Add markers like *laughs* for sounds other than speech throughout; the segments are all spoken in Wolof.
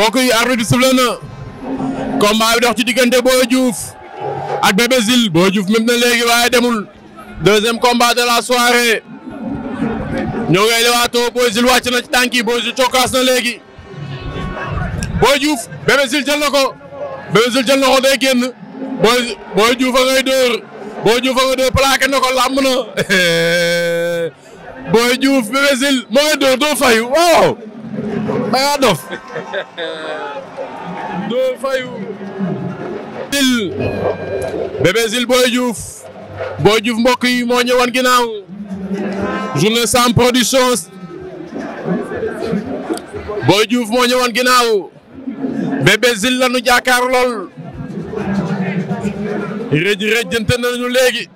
mbokk yi arbitre bi sifflé na combat bi dox ci diggante Boy Diouf ak Bébé Zil Boy Diouf na léegi waaye demul deuxième combat de la soirée ñoo ngay lewaatoo Boy Zil wàcc na ci tànk yi Boy Diouf cokkaas na léegi Boy Diouf Bébé Zil jël na ko Bébé Zil jël na ko day génn Boy Boy a ngay dóor Boy Diouf a na ko làmb na *laughs* Boy Diouf moo ngay dóor doo fayu waaw da ngaa dof doo fayu zil bébé zil Boy Diouf Boy Diouf mbokk yi moo ñëwoon ginnaaw journée sans production Boy Diouf moo ñëwoon ginnaaw bébé zil la nu jàkkaar lool rëj rëjante nañu léegi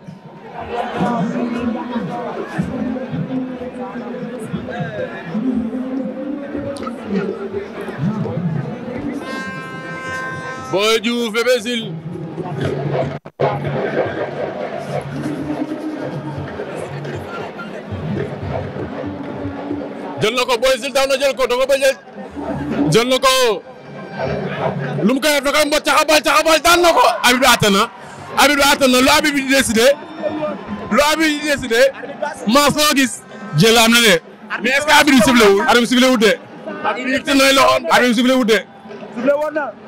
Boy Diouf eh, Bébé Zil jël na ko Boy Zil daaw na jël ko da ko bañ a jël na ko lu mu koy def da koy mbot caxabal caxabal daan na ko abib bi àtte na abib bi àtte na lu abib bi di décidé lu abib bi di décidé maa soo gis jël am na de mais est-ce que abib bi sifflé wul abib bi sifflé wut de abib bi sifflé wut de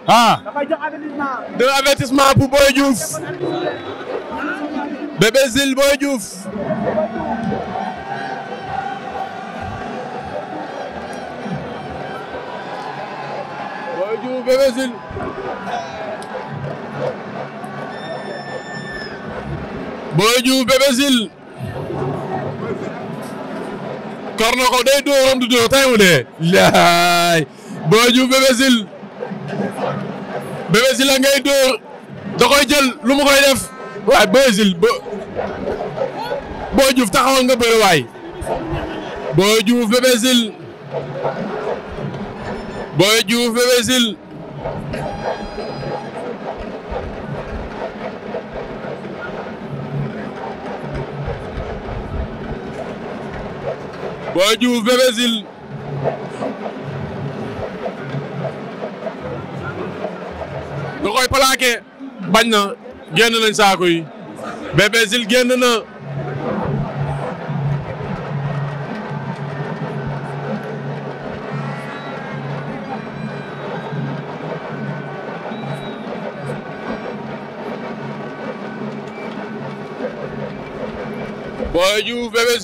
ah deux avertissement pour Boy Diouf Bébé Zil Boy Diouf Boy Diouf Bébé Zil Boy Diouf Bébé Zil kor na ko day dóoram du dóor tey mu dee laay Boy Diouf Bébé Zil Bébé Silla ngay dóor da koy jël lu mu koy def waaye Bébé Silla ba Boy Diouf taxawoon nga bëri waay Boy Diouf Bébé Silla Boy Diouf Bébé Silla da koy plaqué bañ na génn nañ saako yi Bébé Zil génn na Boy Diouf Bébé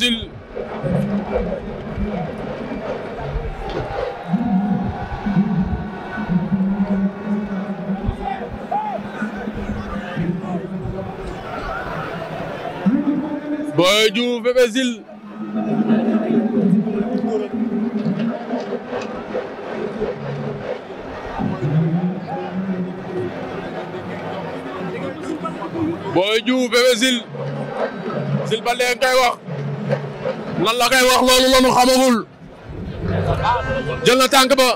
Boy Diouf Bébé Zil Boy Diouf Bébé Zil Zil ba leen koy wax lan la koy wax loolu la ñu xamagul jël na tànk ba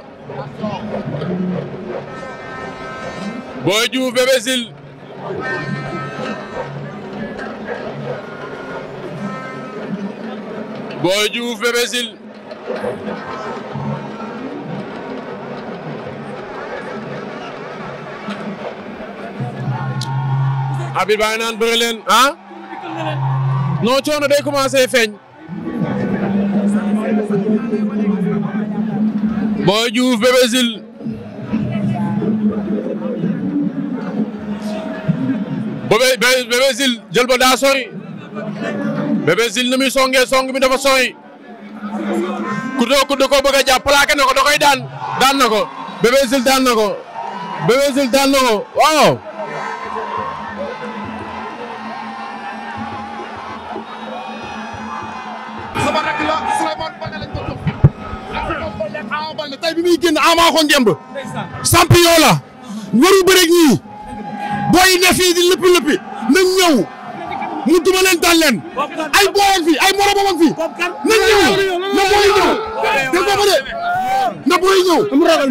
Boy Diouf Bébé Zil Boy Diouf Bébé Sil Habib naan bëri leen ah coono day commencé feeñ Boy Diouf Bébé Sil Bébé Bébé Bébé Zil ni songee song bi dafa sooy ku doon ku da koo bëgg daan daan na ko Bébé daan na ko Bébé bi muy génn Ama ko ngemb. champion la waru bëreeg ñii booy ne fii di lëppi lëppi nañ ñëw. mu duma leen daan leen ay booyam fi ay moromam ak fi nañ ñëw na booy ñëw dégg nga de na booy ñëw am ragal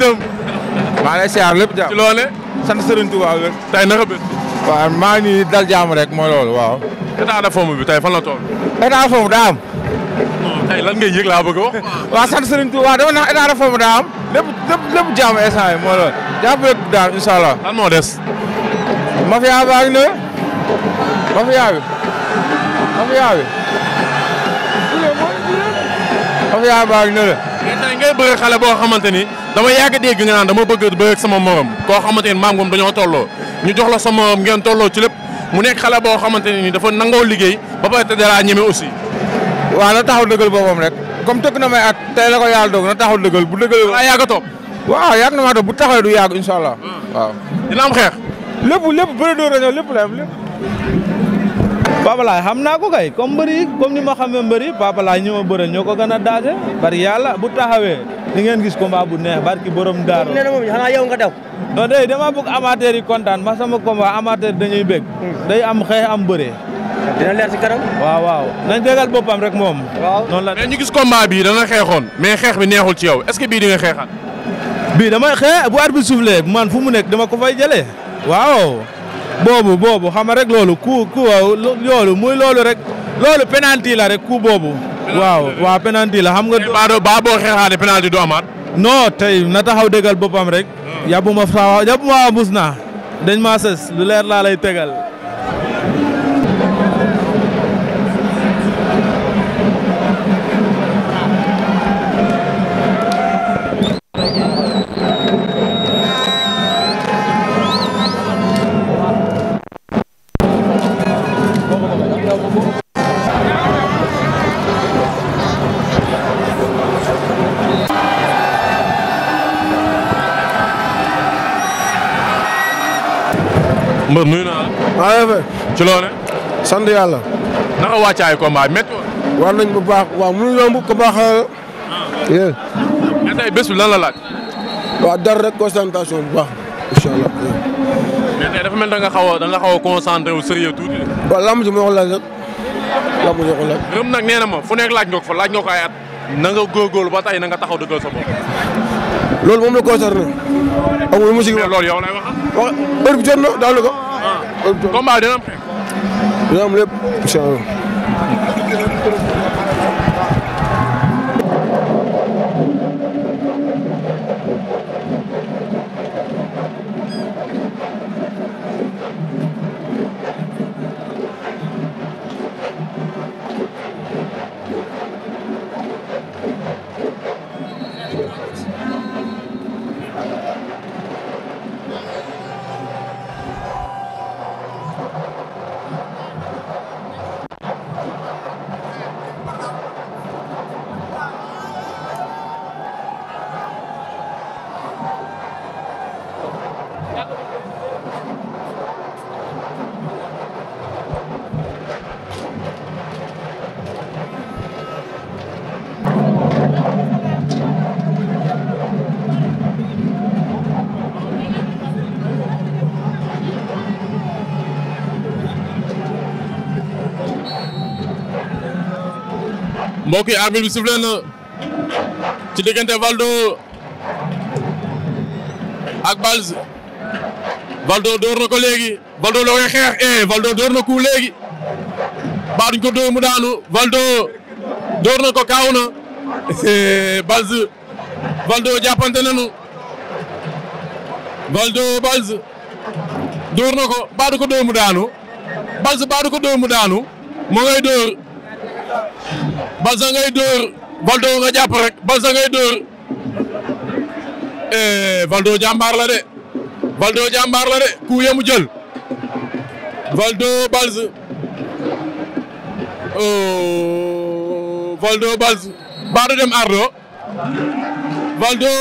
tam maa lay siyaar lépp jàmm ci loole sant Serigne Touba wér tey naka bés waaw maa ngi dal jàmm rek mooy loolu waaw état de forme bi tey fan la toll état de forme daa Oh, tey lan ngay yëg laa bëgg a wax. *laughs* waaw sant Serigne dama naan état de forme daa am lépp lépp lépp jàmm moo la jàppale daal incha allah. lan moo des. mafia baa a ne mafia bi mafia bi. mafia baa ngi ne la. mais tey ngay bëgg xale boo xamante ni dama yàgg a dégg nga naan sama morom koo xamante ni maam moom dañoo tolloo ñu jox la sa morom ngeen tolloo ci lépp mu nekk xale boo xamante ni dafa nangoo liggéey ba pare te dara ñeme aussi. waa na taxaw dëggal boppam rek comme tëgg na may at tey la ko yàlla doog na taxaw dëggal bu dëggal. a toog. waaw yàgg na maa bu taxawee du yàgg incha allah. Hmm. waaw am xeex. lépp lépp bëri dóor la ñëw lépp xam naa ko kay comme mbëri comme ni ma xam xamee mbëri Papalaay ñi ma bëre ñoo ko gën a daase par yàlla bu taxawee di ngeen gis combat bu neex barki borom daaru nee na moom xanaa yow nga daw non day dama yi kontaan ma sama combat amateur dañuy bég hmm. day am xeex am bëree dina leer ci kanam. waaw waaw nañ bégal boppam rek moom. waaw noonu la mais ñu gis combat bii bi neexul ci yow est-ce que bii di nga xeexaat. bii damay xeex bu arbitre soufflé man fu mu nekk dama ko fay jëlee. waaw boobu boobu xam rek loolu ku ku loolu muy loolu rek loolu penalty la rek ku boobu. waaw waaw penalty la xam nga. mais baa boo xeexaatee penalty du amaat. non tey na taxaw déggal boppam rek. Hmm. yabuma lu leer laa lay tegal. mbër nuyu naa la. waaye ci loone sant yàlla. naka wàccaay combat métti woon. war nañ bu baax waaw mënuñu yomb ko baax. Ah. yéen. mais tey bés bi lan la laaj. waaw dara rek concentration bu baax. incha allah. mais tey mel da xaw a da xaw a wu sérieux tuuti de. waaw lamb ji ma wax laaj rek. lamb ji ma na ma fu nekk laaj nga ko laaj nga ko ay at. na nga ba tey na nga taxaw dëggal sa bopp. loolu moom la concerné. amul mu si. loolu yow lay wax. wax heure bi jot na daal ko. Ah. combat dina am. dina am lépp incha allah. mbokk yi arbitre bi sifflé na ci diggante Valdo ak Balz Valdo door na ko léegi Valdo la koy xeex eh Valdo door na ko léegi ko dóor mu daanu Valdo door na ko kaaw na eh, Balz Valdo jàppante nañu Valdo Balz door na ko baa du ko dóor mu daanu Balz baa ko dóor mu daanu moo ngay Balsa ngay dóor Valdo nga jàpp rek Balsa ngay dóor eh, Valdo jàmbaar la de Valdo jàmbaar la de ku yemu jël Valdo Balsa oh Valdo Balsa baa du dem Ardo Valdo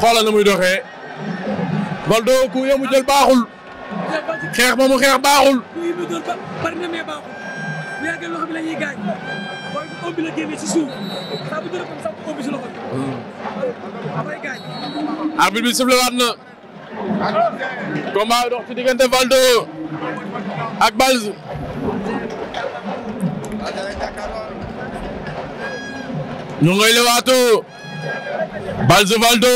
xoolal na muy doxee Valdo ku yemu jël baaxul xeex ba mu xeex baaxul. ëmb la na. combat dox ci diggante Valdo ak Balz. ñu ngay lewaatoo. Valdo.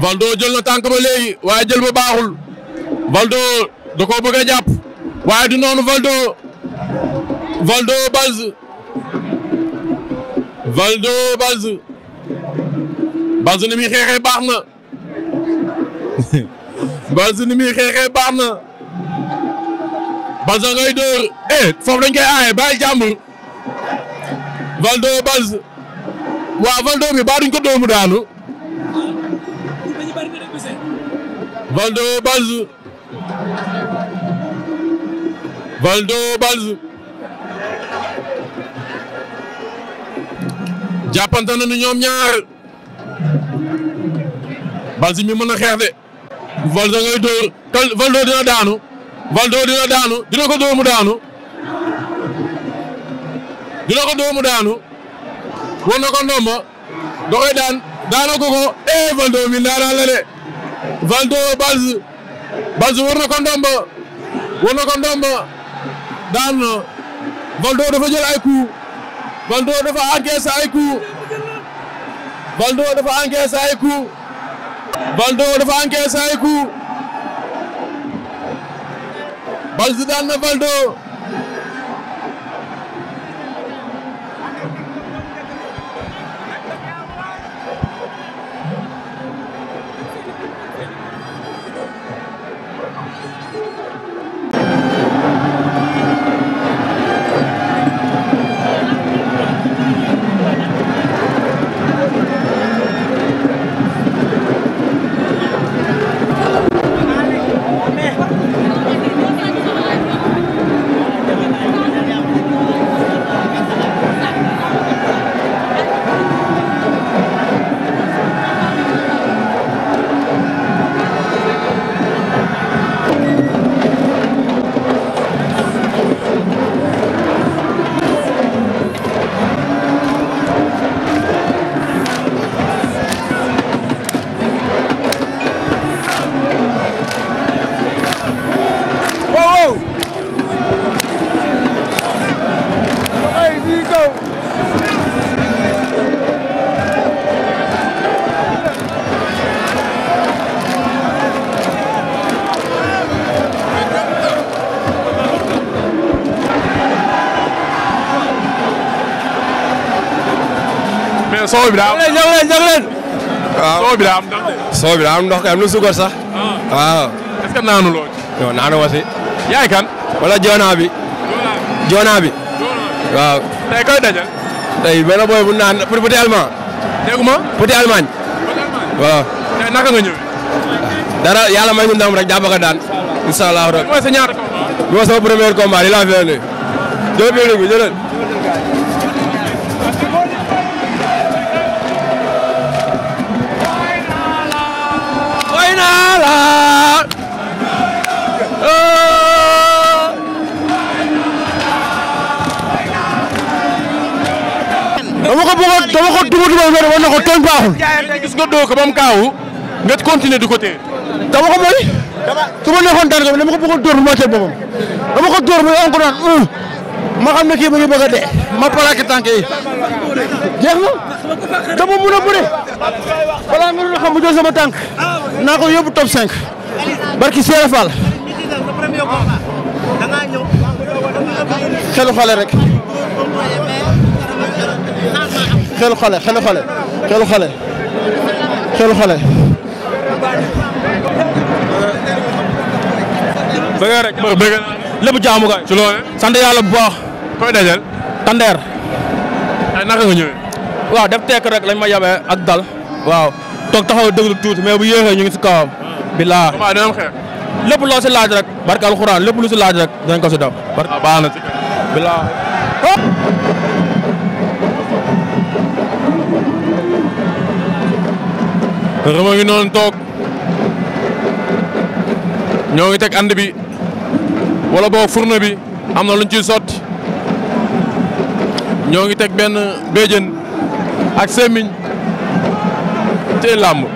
Valdo jël na tànk ba léegi waaye jël ba baaxul. Valdo da koo bëgg a jàpp waaye du noonu Valdo Valdo Balz Valdo Balz Balz ni muy xeexee baax na *laughs* Balz ni muy xeexee baax na Balz ngay dóor eh foofu dañ koy aaye bàyyi jàmbur Valdo Balz waaw Valdo bi baa duñ ko dóomu daanu Valdo Valdo Balzu jàppante nañu ñoom ñaar Balzu mi mën a xeex de Valdo ngay dina daanu Valdo dina daanu dina ko dóor daanu dina ko dóor daanu war na ko ndomba daan daana ko ko eh Valdo mi ndaanaan la de Valdo Balzu Badji war na ko ndomba na ko ndomba dafa jël ay coup dafa encaissé ay coup Valdo dafa encaissé ay coup Valdo dafa encaissé ay coup daan na Valdo soow bi daa am ñëw leen ñëw leen waaw soow bi daa am ndox de. soow bi daa am ndox kay am na suukar sax. Ah. waaw. est ce que naanu loo ci. non naanu ma si. yaay kan. wala joona bi. joona bi. waaw. tey koy dajal. tey benn boy bu naan pour petit allemand. déggu ma petit allemand. waaw. tey naka nga ñëwee. dara yàlla may ñu ndam rek jàpp nga daan. incha allah rabbi. mooy sa ñaar combat. mooy sama premier combat li laa fi indi. jërëjëf bi jërëjëf. dama ko bëggoon dama ko dugg dugg nga dama gis nga doo ko ba nga continuer di ko téye. dama ko mooy. su ma nekkoon daan ko dama ko bëggoon dóor bu ma teg boppam dama ko dóor ba yow naan ma xam ne kii bi ñu bëgg a dee ma plaqué tànk yi jeex na dama mun a bëre balaa nga doon xam bu jël sama tànk naa ko yóbbu top 5 ki Seere Fall xelu xale rek. xelu xale xelu xale xelu xale xelu xale. bëgg rek bëgg jaamu kay. ci sant yàlla bu baax. koy dajal. Tandeer. ay naka waaw def tekk rek lañ ma yabee ak dal. waaw toog taxaw déglu tuuti mais bu yéexee ñu ngi si kaam bilaa waaw dina am loo si laaj rek. barke alxuraan lépp lu si laaj rek dinañ ko si barke ah, baax na Reuma ngi noonu toog ñoo ngi teg ànd bi wala boog fourne bi am na luñ ciy sotti ñoo ngi teg benn béjjën ak sémiñ ci làmb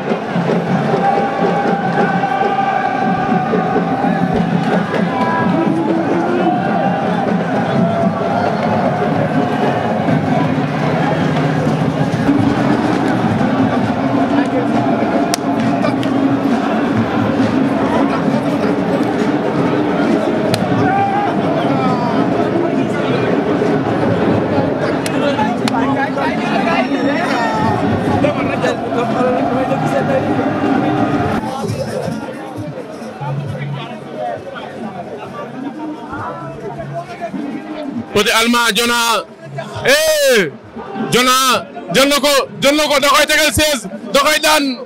Petit Allemand Jona eh Jona jël na ko jël na ko da koy tegal 16 da koy daan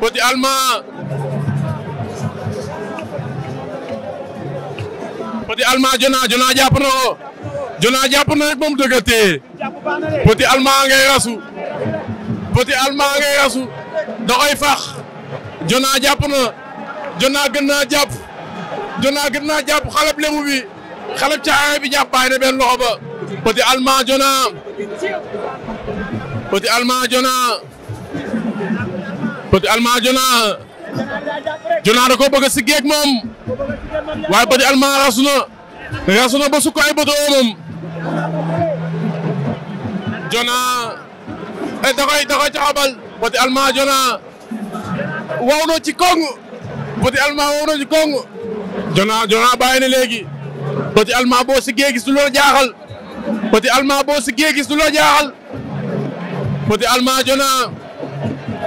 Petit Allemand Jona Jona jàpp na ko Jona jàpp na rek moom dëgg tee Petit Allemand ngay rasu Petit Allemand ngay rasu da koy fax Jona jàpp na Jona gën naa jàpp Jona gën naa jàpp xale bu lemu bi xale caa bi jàpp bàyyi na benn loxo ba petit allemand Jona petit allemand Jona petit allemand Jona a siggee moom waaye petit allemand rasu na rasu na ba moom Jona eh, da koy da koy caxabal petit allemand Jona wow na ci kong petit allemand wow na ci kong. Jona Jona bàyyi na léegi Petit boo si gee gis du la jaaxal Petit Allemand boo si gee gis du la jaaxal Petit Allemand Jona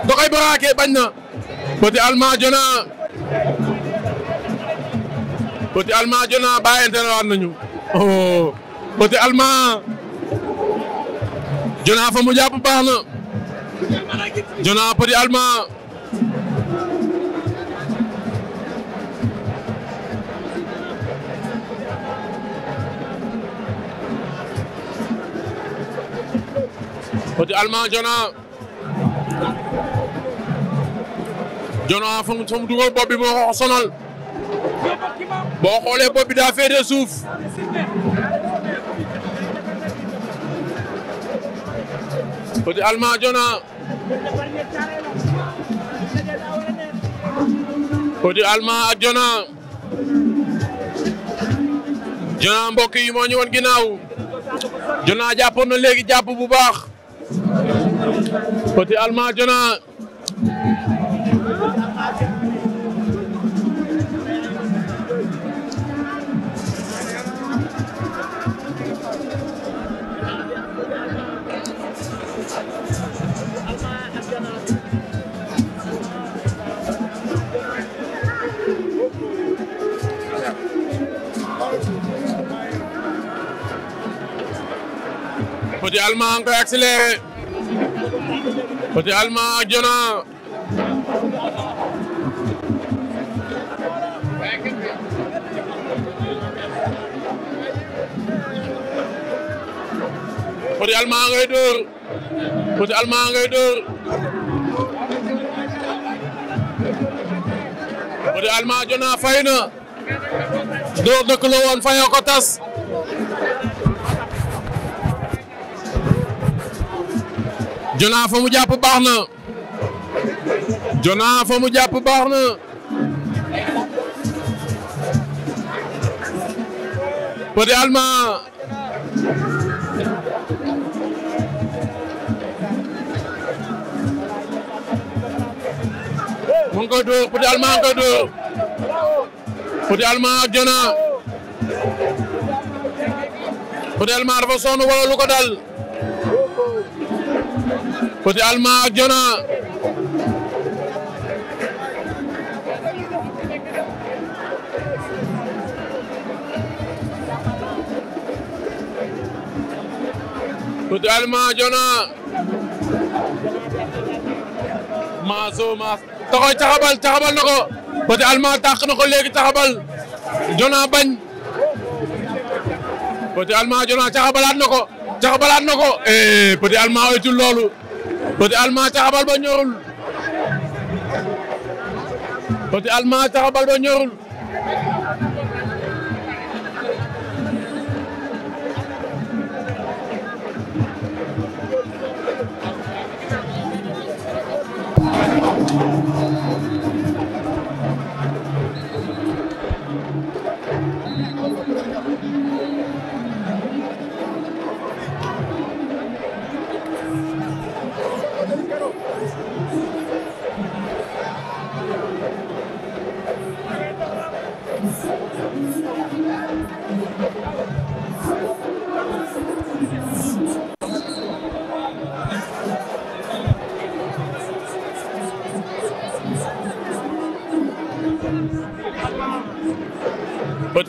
da koy baraakee bañ na Petit Allemand Jona Petit Allemand Jona na waat nañu oh Jona fa mu jàpp baax Jona Petit Allemand. Petit Allemand Jona. Jona fa mu dugal bopp bi moo ko sonal. boo xoolee bopp bi daa suuf. Petit Allemand Jona. Petit Allemand ak Jona. Jona mbokk yi moo ginnaaw. Jona jàppoon na léegi jàpp bu baax. Petit Allemand Diona Petit Allemand a ngi koy accéléré Petit Allemand ak Jona Petit Allemand ngay dóor Petit Allemand ngay dóor Petit Allemand Jona fay na dóor dëkk la woon fayoo ko tas Jona fa mu jàpp baax na Jona fa mu jàpp baax na Petit Allemand mu ngi koy dóor Petit Allemand ngi koy dóor Petit Allemand ak Jona Petit Petit Allemand ak Jona Petit Allemand Jona maaso maas taxoy taxabal taxabal na ko Petit Allemand tàq ko léegi taxabal Jona bañ Petit Allemand Jona taxabalaat na ko taxabalaat na ko eh Petit Petit Allemand caxabal ba ñorul Petit Allemand caxabal ba ñorul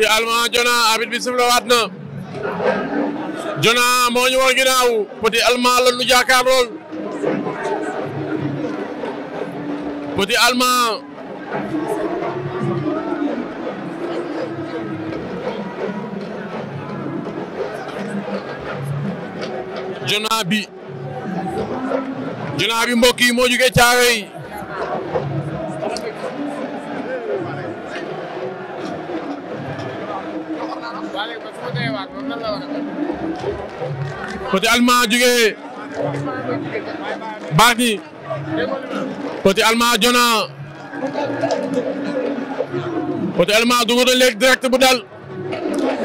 ci Allemand Jona arbitre bi sifflé waat na la ñu jàkkaar lool Petit Allemand Jona bi Jona bi mbokk yi moo jugee Petit Allemand jugee Bargny Petit Allemand Jona Petit Allemand dugg na léegi direct bu dal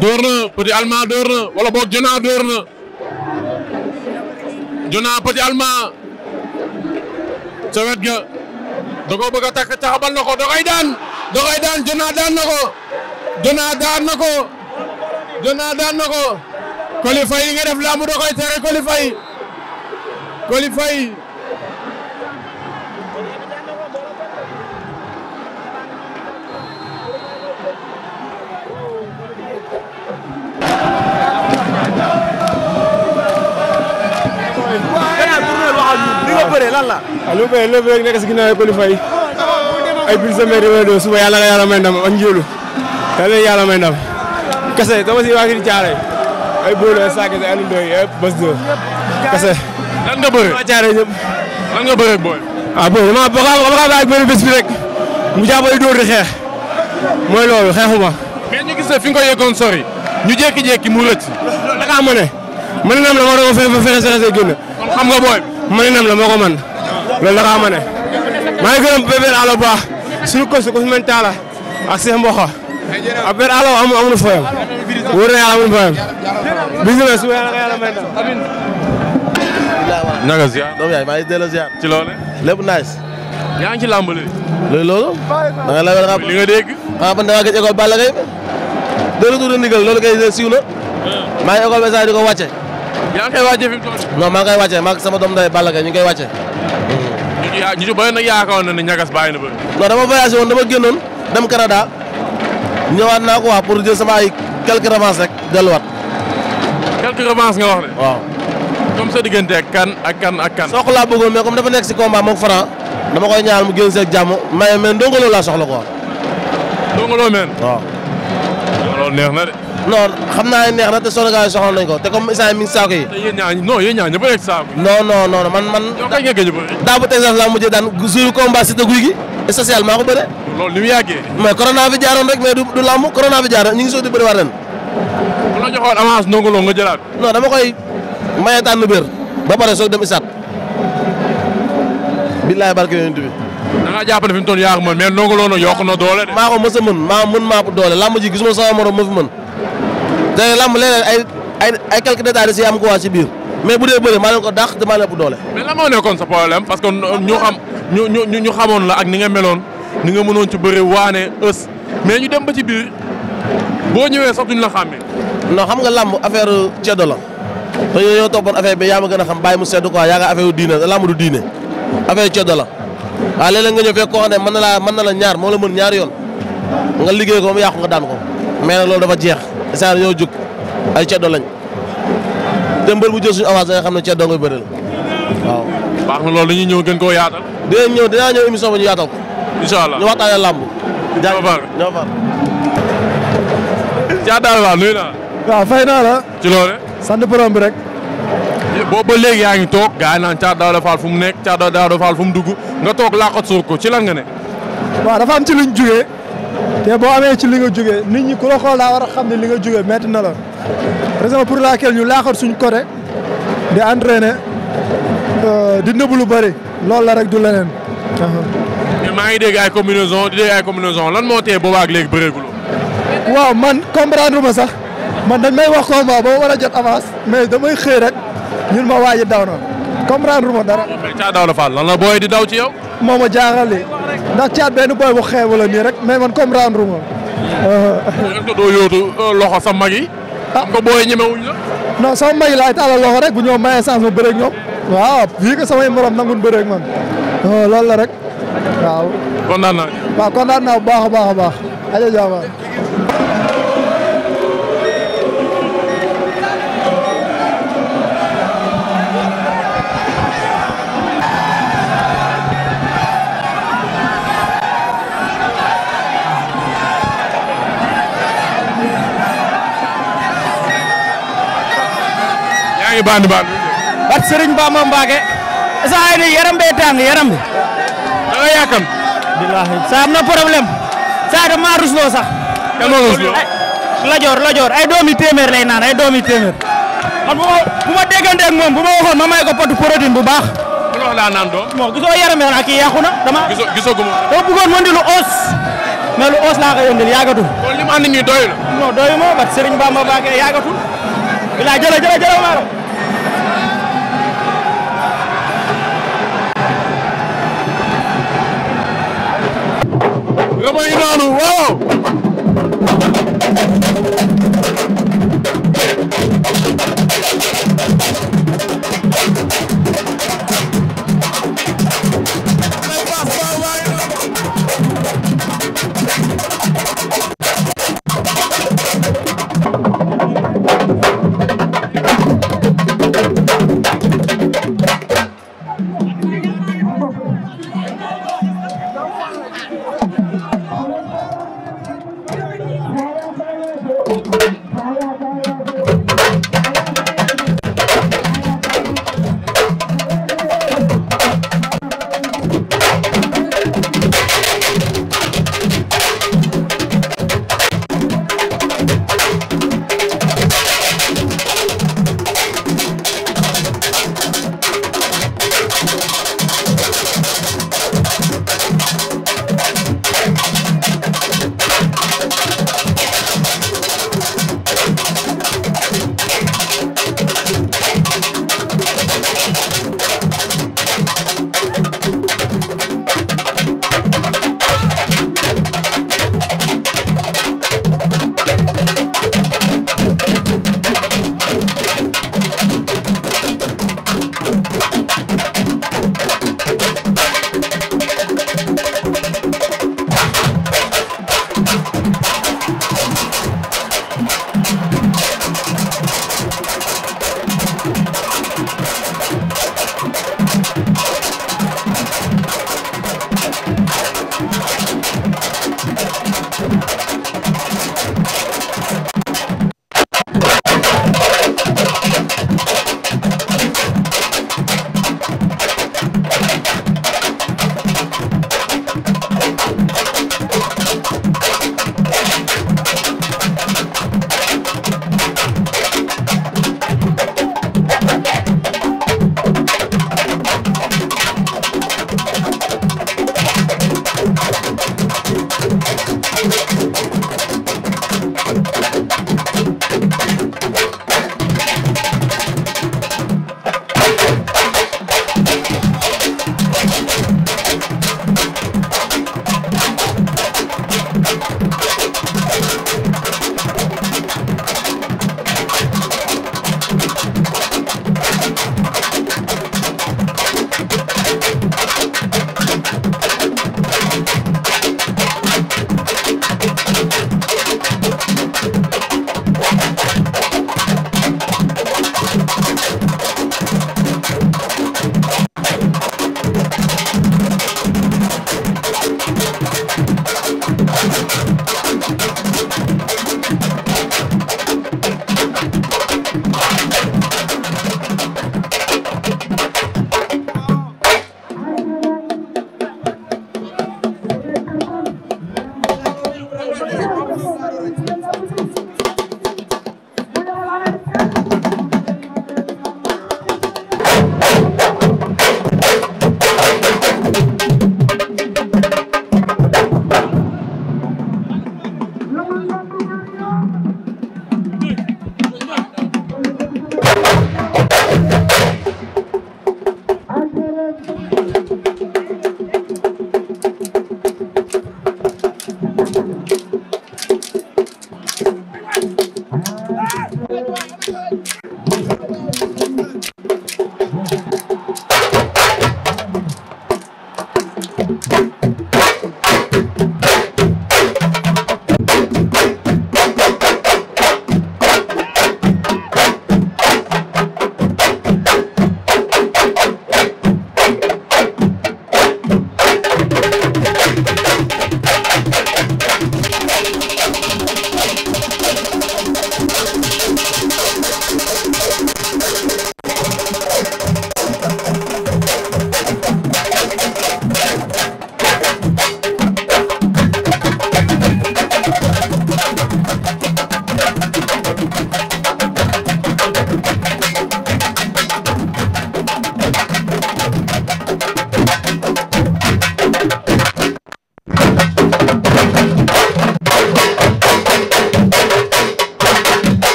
door na Petit Allemand door na wala boog Jona door na Jona Petit Allemand ca ga da koo bëgg a takk na ko da koy daan daan na ko Jona daan na ko Jona daan na ko. Coly Faye nga def laamu da koy tere Coly Faye Coly Faye allo Mbaye lépp rek nekk si ginnaaw Coly Faye ay biir semaine yu may doon suba yàlla nga yàlla may ndam ak njiwlu yàlla yàlla may ndam kese dama si waa kii di jaaree ay Boy ay Sa Thiès ay Alioune Ndoye yëpp bés de. kese lan nga bëree. lan nga bëree Boy. Ah, bi mu jàppale dóor di xeex mooy loolu xeexuma. mais ñu fi nga ko yeggoon sori ñu jékki-jékki mu rëcc. loolu da ngaa mën na la moo doon fexe fexe sa xasee génn. kon xam na la moo ko mën loolu da ngaa mën Ba suñu ko su ko fi mën taala ak seen mboq. ak bébé Allo amul amul na yàlla amul fooyam bisimilah suba yàlla nga yàlla may ndam amiin. naka ziar doom yaay maa ngi delloo ziar. ci loolu lépp nice. yaa ngi ci làmb li. loolu. da nga lay wax li nga dégg. ah man da ngaa gëj école Balla Gaye. de retour de ndigal loolu kay siiw na. Ah. maa ngi école message di ko wàcce. yaa ngi koy wàcce fi mu toll. non maa ngi koy wàcce maa sama doom day Balla Gaye ñu ngi koy wàcce. yaa ñu ci bëri nag yaakaaroon na ne ñagas bàyyi na ba. non dama voyagé woon dama génnoon dem Canada ñëwaat naa ko waa pour jël sama ay quelques revanche rek delluwaat quelque revanche nga wax de. waaw comme sa diggante ak kan ak kan ak kan. soq laa bëggoon mais comme dafa nekk si combat moom na de. non xam naa neex na te soxla gars yi soxla nañ ko te comme instant mi ngi saako yi. te yéen ñaa non yéen ñaa ñëpp a nekk man man. ñoo kañ nga gëj ba. daa daan jour combat si dëgg gi. et social maa ko bëre. rek mais du du làmb corona bi jaaroon ñu ngi soo joxoon avance Ndongo Lo nga jëlaat. non dama koy maye tànn béer ba pare soog dem isaat. billaay barke yonent bi. da ngaa jàpp ne fi mu toll yaa ko mën mais Ndongo Lo nag yokk na doole de. maa ko mës a mën maa mën maa ko doole làmb ji gisuma sama morom ma fi mën. te làmb leneen ay ay ay si am ko waa biir. mais bu dee bëri maa leen ko dàq damaa leen ko doole. mais lan moo nekkoon sa problème parce que ñu xam ñu xamoon la ak ni nga meloon ni nga mënoon ci bëri waane mais ñu dem ba ci biir boo ñëwee sax duñ non xam nga làmb affaire ceddo la te yooyu yoo toppoon affaire ma gën diine làmb du diine affaire ceddo la waaw léeg-léeg nga ñëw fekk koo man na la ñaar moo la mën ñaari yoon nga liggéey ko mu yàqu nga daan ko mais loolu dafa jeex saar ñoo jóg ay ceddo te mbër bu jël avance xam ne ceddo ngay bëreel waaw. baax na loolu dañuy ñëw gën koo ñëw dinaa ko. incha allah ñu waxtaanee làmb. jaajëf waaw fay naa la. ci loolu. sant borom bi rek. boobu ba léegi yaa ngi toog gars yi naan Thiatou Daouda Fall fu mu nekk Thiatou Daouda fu mu dugg nga toog laaxat suur ko ci lan nga ne. waaw dafa am ci luñ jugee te boo amee ci li nga jugee nit ñi ku la daa war a xam ne li nga jugee métti na la raison pour laquelle ñu laaxat suñ côté di entraîner euh, di nëbbu lu bari loolu la rek du leneen. maa ngi dégg ay combinaison di dégg ay combinaison lan moo tee boobaag léegi bëreeguloo. waaw man comprendre ma sax. man dañ may wax combat ba ma war a jot avance mais damay xëy rek ñun ma waaji daw na comprendre ma dara. mais caa daw la Fall lan booy di daw ci yow. moo ma jaaxal lii ndax caat benn booy bu xeebu la nii rek mais man comprendre ma. *laughs* est-ce que doo euh, loxo sa mag yi. ah nga booy ñemewuñ la. non sama mag yi laay taalal loxo rek bu ñoom mayee chance ma bëreeg ñoom. waaw fii que samay morom nangun bëreeg man oh, loolu la rek waaw. kontaan naa. waaw kontaan naa bu baax a baax a baax. ngi bandi bandi. wat Serigne Bamba Mbacke. saa yi yaram bee tàng yaram bi. da nga yaakaar. bilaay saa am na problème. sax. lajoor lajoor ay doomi téeméer lay naan ay doomi téeméer. man bu ma bu ma moom bu ma waxoon ma may ko potu protéine bu baax. bu kii yàqu na dama. ma. dama bëggoon lu os. mais lu os laa koy indil yaagatul. kon li mu ànd nii nga may noonu waaw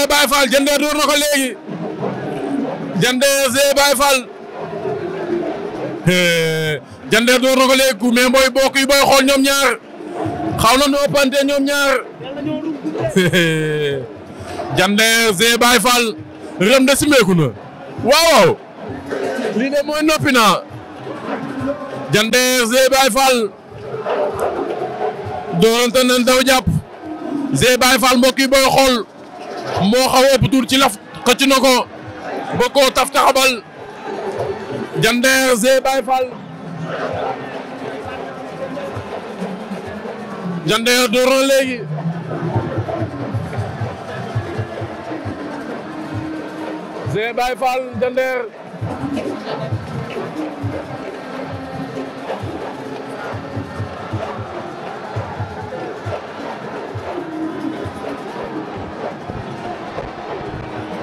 Zé Baye Fall jëndee door na ko léegi jëndee Zé Baye Fall jëndee door na ko léegi ku mais booy bokk yi booy xool ñoom ñaar xaw na noo pante ñoom ñaar jëndee Zé Baye Fall rëm de simeeku na waaw lii de mooy noppi naa jëndee Zé Baye Fall doorante nañ daw jàpp Zé Baye Fall mbokk yi booy xool. moo xaw a ëpp tuuti ci laf xëcc na ko ba koo taf taxabal Diender Zé Baye Fall Diender door na léegi Zé Baye Fall Diender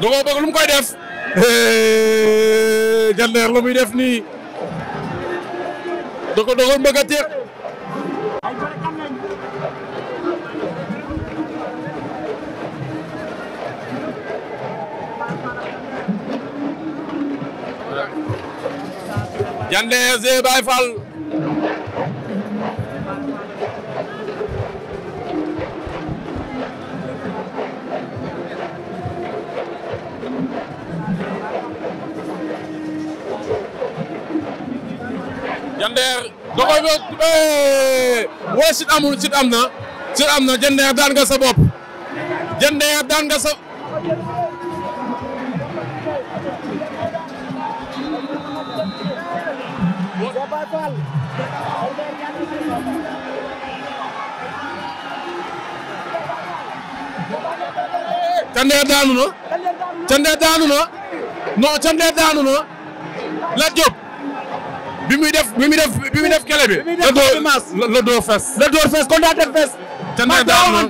da koo bëgg lu mu koy def. Eh, Jandeer lu muy def nii da ko da ko bëgg a teex Jandeer Zé Baye Diender da koy wooy sit na sit am na Diender daan daanu na Diender daanu na non Diender bi muy def bi muy def bi muy def kele bi. la door la door fes. la door fes kon daa def fes. te nee daan na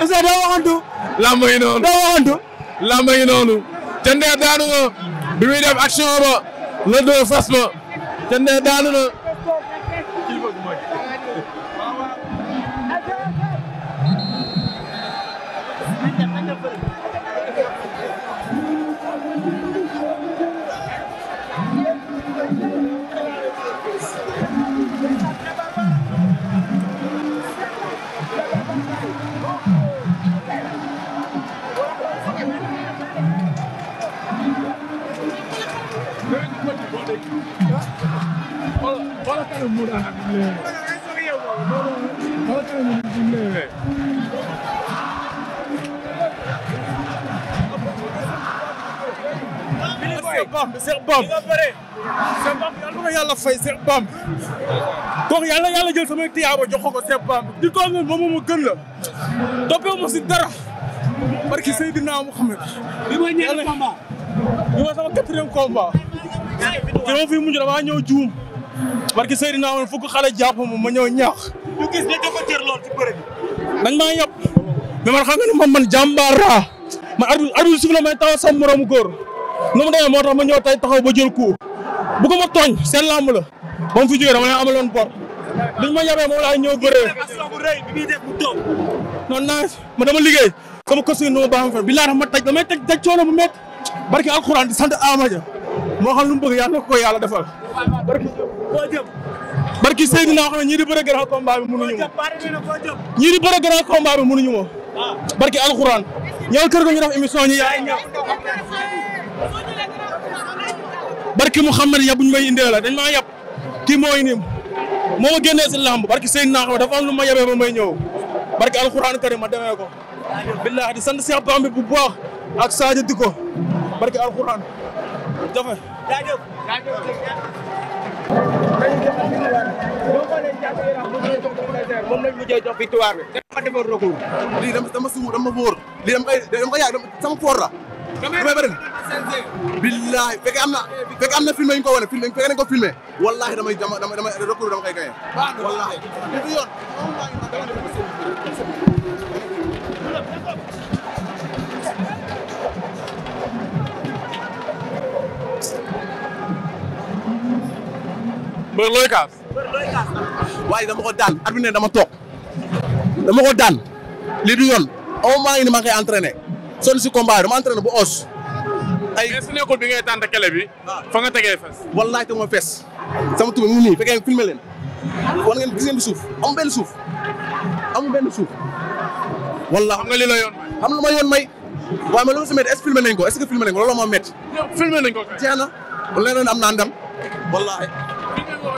Ousseyn doo waxantu. làmb yi noonu doo waxantu. làmb yi noonu. te nee daanu na bi muy def action ba la door fes ba te nee daanu na. 무라 어쩌면 무래 Cheikh Bamb Cheikh Bamb Cheikh Bamb yal na ko yàlla fay Cheikh Bamb donc yal na yàlla jël samay tiyaaba jox ko Cheikh Bamb di ko ngeen moom mu gën la toppee ma si dara barki Seydina Mouhamed bi ma ñëw combat bi ma sama quatrième combat dama fi mujj dama ñëw juum parce que Seydou naa woon fukk xale jàpp ma ma ñëw ñaax. ñu gis ne dafa tër lool yab mais man xam nga ni man man jàmbaar laa ma arbitre arbitre suuf la may taw sam moromu góor nu mu demee moo tax ma ñëw tey taxaw ba jël coup bu ko ma tooñ seen làmb la ba mu fi jógee dama leen amaloon bor duñ ma yabee moom laa ñëw bëree. non naa ma dama liggéey sama costume nu ma baaxoon fan bi laa tax ma taj damay taj taj coono bu métti barki di sant Amadia. moo xam lu mu bëgg yàlla na ko yàlla defal. barki koo jëm. barki Seydina wax na ñii di bëre grand combat bi mënuñu ma. ñii di bëre grand combat bi mënuñu ma. kër ga ñu def émission ñi yaay ñëw. barki Mouhamed ya may indee la dañ maa yab. kii moo indi moo ma génnee si làmb barki Seydina xam ne dafa am ma yabee ba may ñëw. barki alxuraan karim ma demee ko. billahi di sant Cheikh Bamba bu baax. ak Sadio Diko. barki alxuraan jafe. moom lañ mujjee jox victoire bi. dama defoon recours. lii dama dama suur dama wóor. lii dama koy dama koy yàgg sama poor la. damay bëri billahi fekk am na fekk am na filmé ñu ko wane filmé fekk nañ ko filmé wallahi damay dama dama dama recours dama koy gagné. wallahi. mbër looy kaas. waaye dama ko daan at bi ne dama toog dama ko daan lii du yoon au moins ni ma koy entraîné sonn si combat dama entraîné bu os. ay mais su nekkul bi ngay tànn kele bi. Ah. fa nga tegee fes. wallaahi te ma fes sama tuba mu ngi nii fekkee nga filmé leen war ngeen gis ngeen suuf amul benn suuf amul benn suuf. wallaahi xam nga li la yoon may. xam lu ma yoon waaye ma lu ma si métti est-ce que filmé ko est-ce que filmé nañ ko loolu moo métti. filmé nañ ko kay. jeex am naa ndam wallaahi.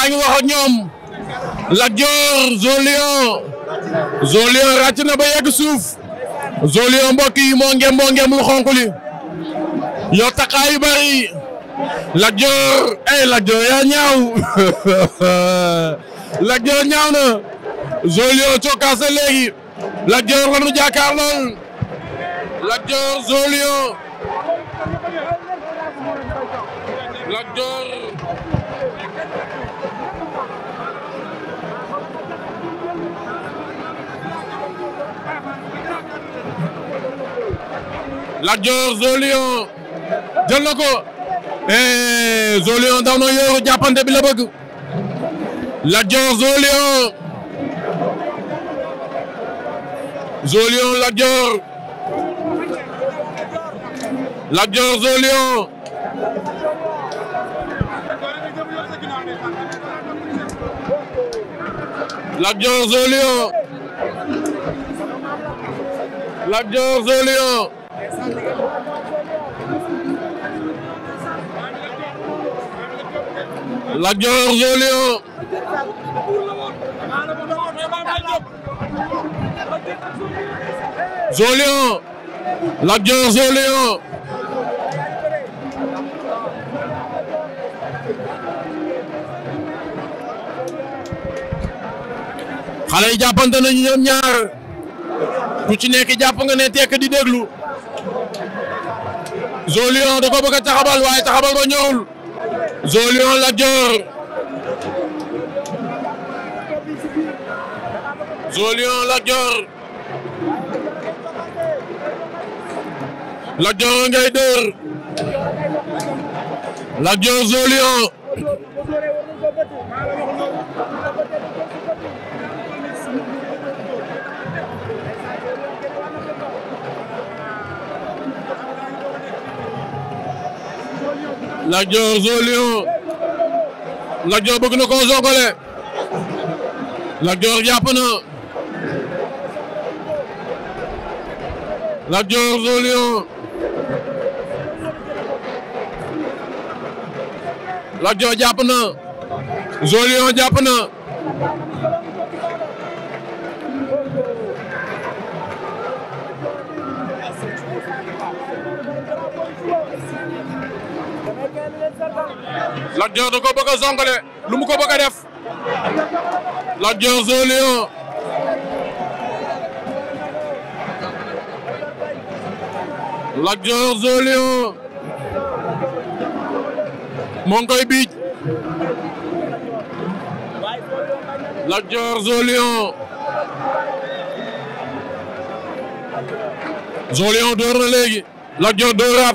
baa ngi wax ak ñoom Lat Dior Joe Lion Joe Lion ràcc na ba yegg suuf Joe Lion mbokk yi moo ngem bari Lat Dior eh yaa ñaaw *laughs* Lat Dior na Joe Lion cokkaas na léegi Lat Dior la Lat Dior Zo Lion jël na ko eh, la bëgg Lat Dior Lat Dior Joe Lion Joe Lion Lat Dior Joe Lion xale yi jàppante nañu ñoom ñaar ku ci nekk jàpp nga ne tekk di déglu Joe Lion da ko bëgg a taxabal waaye taxabal ba ñëwul Joe Lion Lat Dior Joe Lion Lat Dior Lat Dior ngay dóor Lat Dior Joe Lion Lat Dior Joe Lion Lat Dior bëgg na koo songale Lat Dior jàpp na Lat Dior jàpp na Joe jàpp na Lat Dior da ko lu mu ko bëgg def Lat Dior Joe Lion Lat Dior Joe Lion koy biij Lat Dior Joe Lion Joe léegi Lat Dior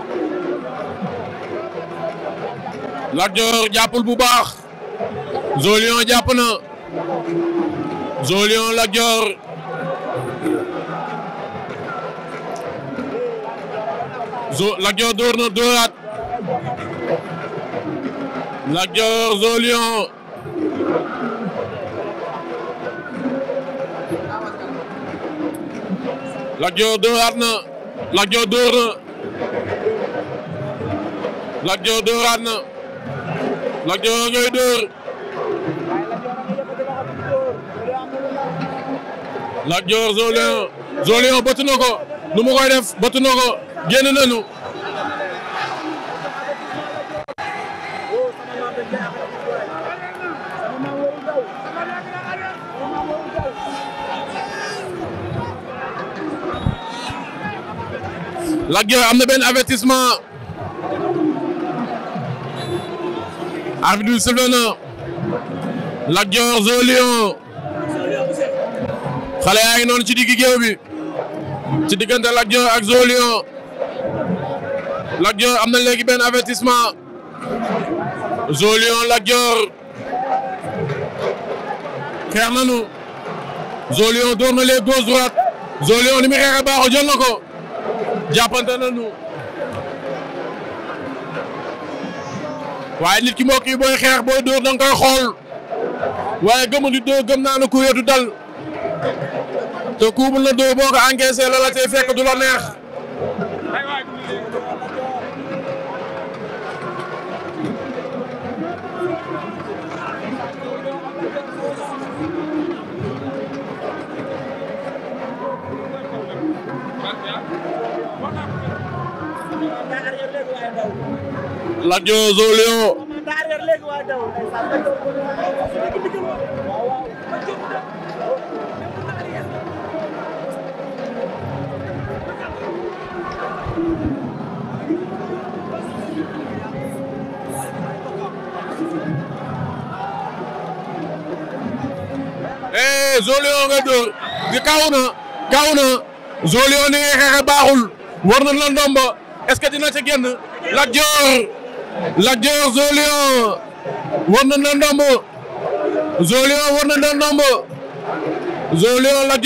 Lat Dior jàppul bu baax Zolion jàpp na Zolion Lat Dior zo Lat Dior dóor na dóoraat Lat Dior Lac de Guiers ngay dóor Lac de ko nu mu koy def bëtt na ko génn nañu am na benn avertissement arbitre bi sifflé na Lat Dior Joe Lion xale yaa ngi noonu ci diggi géew bi ci diggante Lat Dior ak Joe Lion Lat Dior am na léegi benn avertissement Joe Lion Lat Dior xeex nañu Joe Lion door na léegi gauche droite Joe Lion ni mu xeexe baaxoo jël na ko jàppante nañu waaye nit ki mbokk yi booy xeex booy dóor nga koy xool waaye gëmul di dóor gëm naa ne ku yootu dal te ku bul la dóor boo ko encaissé la la fekk du la neex. Lat Dior Joe Lion ee Joe Lion nga dóor di kaw na kaw na Joe Lion ni nga xeexe baaxul war na la ndomba est-ce que dina ca génn Lat Dior Lac Dior Joe Lion war na na ndomb Joe Lion war na na ndomb Joe Lion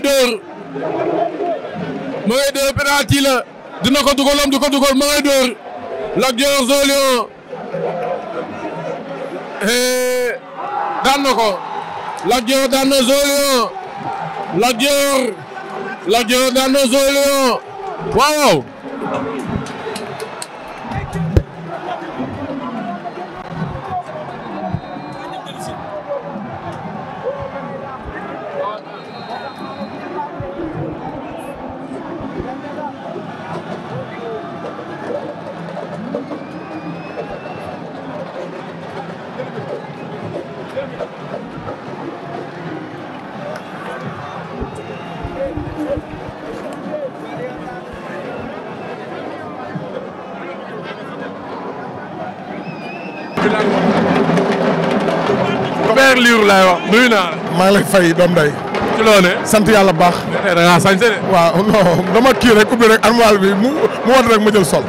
dóor ma dóor penalty la dina ko dugalam du dóor Lac Dior Joe Lion eh, daan na ko Lac Dior daan na waaw waaw laay wax nuyu naa maa ngi lay fay doom day sant yàlla bu baax. Eh, eh, da ngaa sañ de. waaw non dama kii rek ubbi ma jël sol.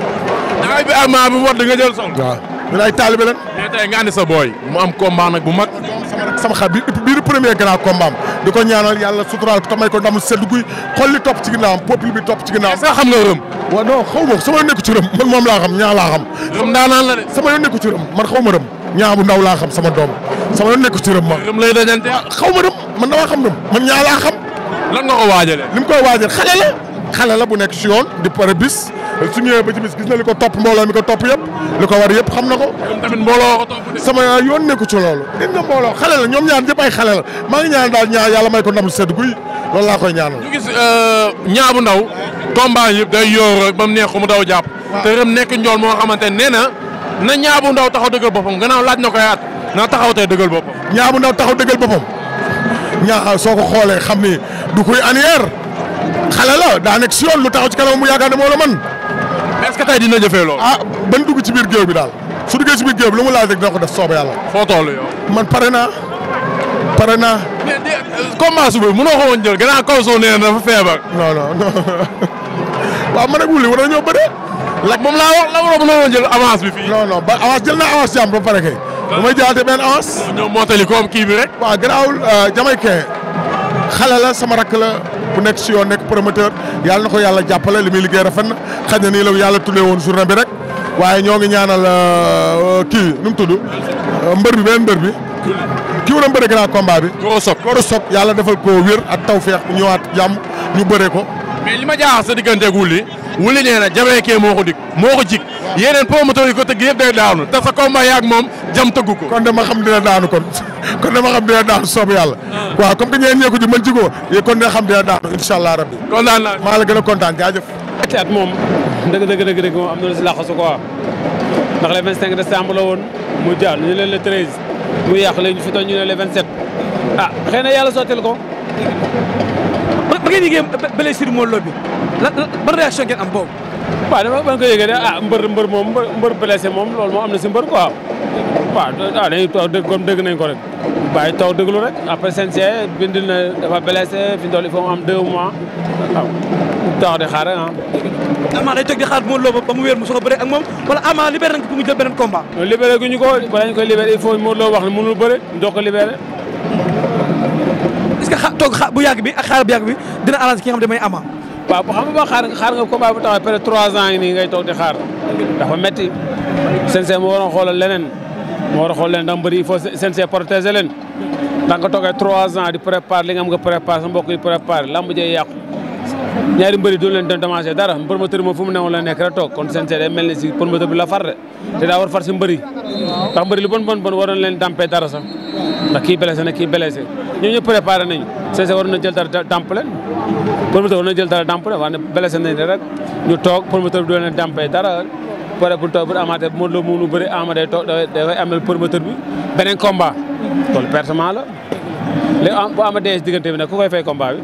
da ngay mu wadd nga jël sol. waaw ñun ay taalibe nag. mais eh, nga andi sa booy. mu am combat nag mag. sama xar bi biir premier di ko ñaanal yàlla suturaal ko may ko ndam sedd guy xol li topp ci ginnaawam peuple bi topp ci ginnaawam. sa xam nga rëm. waaw non xaw ma sama nekku ci rëm man moom laa xam ñaa laa rëm ñaa bu ndaw laa xam sama doom sama yoon nekk ci rëm ma. rëm lay dajante xaw ma rëm man damaa xam rëm man ñaa laa xam. lan nga ko waajalee. ni mu koy waajal xale la. xale la bu nekk ci yoon di pare bis su ñëwee ba ci bis gis na li ko topp mbooloo mi ko topp yëpp li ko war yëpp xam na ko. tamit mbooloo ko topp sama yoon nekku ci loolu. dégg nga mbooloo xale la ñoom ñaar ñëpp ay xale la maa ngi ñaan daal ñaar yàlla may ko ndam sedd guy loolu laa koy ñaanal. ñu gis euh, ñaa bu ndaw. combat yëpp day yoor ba mu neex mu daw jàpp. nekk njool moo xamante nee na na ñaa bu ndaw taxaw dëgg boppam gannaaw laaj na ko yaat na taxaw tey dëggal boppam. ñaa bu ndaw taxaw dëggal boppam ñaaxa soo ko xoolee xam ni du koy aniyeer xale la daa si yoon lu taxaw ci kanam mu yaakaar ne moo la man est-ce que dina jëfee loolu. ah ban ci biir géew bi daal su lu mu laaj rek dina def sooba yàlla. foo toll yow. man pare naa pare naa. mais de combat suba mënoo ko woon jël gannaaw kaw soo nee na dafa feebar. non non non waaw man ak Wouly war nañoo bëre. lak moom laa wax la waroon mënoo woon jël avance bi fii. non non jël naa avance jàmm ba pare kay. bu ma jaate benn avance. ñoom moo tali comme kii bi rek. waaw garaawul euh, jamaïcain xale la sama rakk la bu nekk si yoon nekk promoteur yàlla na ko yàlla jàppale li muy liggéey rafet na xaj na nii la yàlla tuddee woon journée bi rek waaye ñoo ngi ñaanal euh, euh, kii nu mu tudd mbër bi beneen mbër bi. ki war a bëre grand combat bi. Gora Sock yàlla defal ko wér ak tawféex bu ñëwaat jàmm ñu bëree ko. li ma jaaxal sa digganteeg wuli wuli nee na jamaïcain moo ko dig moo ko yeneen promoteurs yi ko tëgg yëpp day daanu te sa combat yaag moom jam tëggu ko. kon dama xam dina daanu kon *laughs* kon dama xam dina daanu soobu yàlla. waaw comme que ñeneen ñeeku ji mën ci ko kon dina xam dina daanu incha allah rabbi. kontaan naa maa la gën a kontaan jaajëf. ñetti at moom dëgg dëgg dëgg dëgg moom am na lu si le 25 décembre la woon mu ñu leen le 13 mu yàq léegi ñu le ah ko. ba ngeen yëgee blessure Modou Lo bi lan ban réaction ngeen am boobu waaw dama ba nga ko yëgee ne ah mbër mbër moom mbër blessé moom loolu moo am na si mbër quoi waaw waaw dañuy toog dëgg comme nañ ko rek bàyyi toog dëgglu rek après CNG bindil na dafa blessé fi mu toll il faut mu am deux mois ah Ama day toog di xaar Modou Lo ba mu wér mu soog a bëre ak moom wala Ama libéré nañ ko pour mu jël beneen combat libéré guñu ko bala koy libéré il faut Modou Lo wax ne mënul bëre doog ko libéré que toog bu yàgg bi ak xaar bu waaw bu xam nga xaar nga xaar nga combat bu taxaw peut-être trois ans yi nii ngay di xaar dafa metti CNG moo waroon xoolal leneen moo waroon xool leneen ndax mbëri il faut CNG protéger leen ndax nga toogee trois ans di préparer li nga am nga préparer sa mbokk yi préparer lamb jee yàqu ñaari mbëri doo leen doon demancé dara promoteur moom fu mu newoon la nekk rek toog kon CNG day mel ni si promoteur bi la far de te daa war far si mbëri ndax mbëri lu bon bon bon waroon leen dampé dara sax ndax kii blessé na kii blessé ñoo ñu préparé nañu CNG waroon na jël dara damp leen promoteur waroon na jël dara damp ñu toog promoteur bi doo leen dampé dara pare pour toog bu amaatee mën loo mënu bëri ama day toog dafay amal promoteur bi beneen combat loolu la léegi bu amatee diggante bi nag ku koy fay combat bi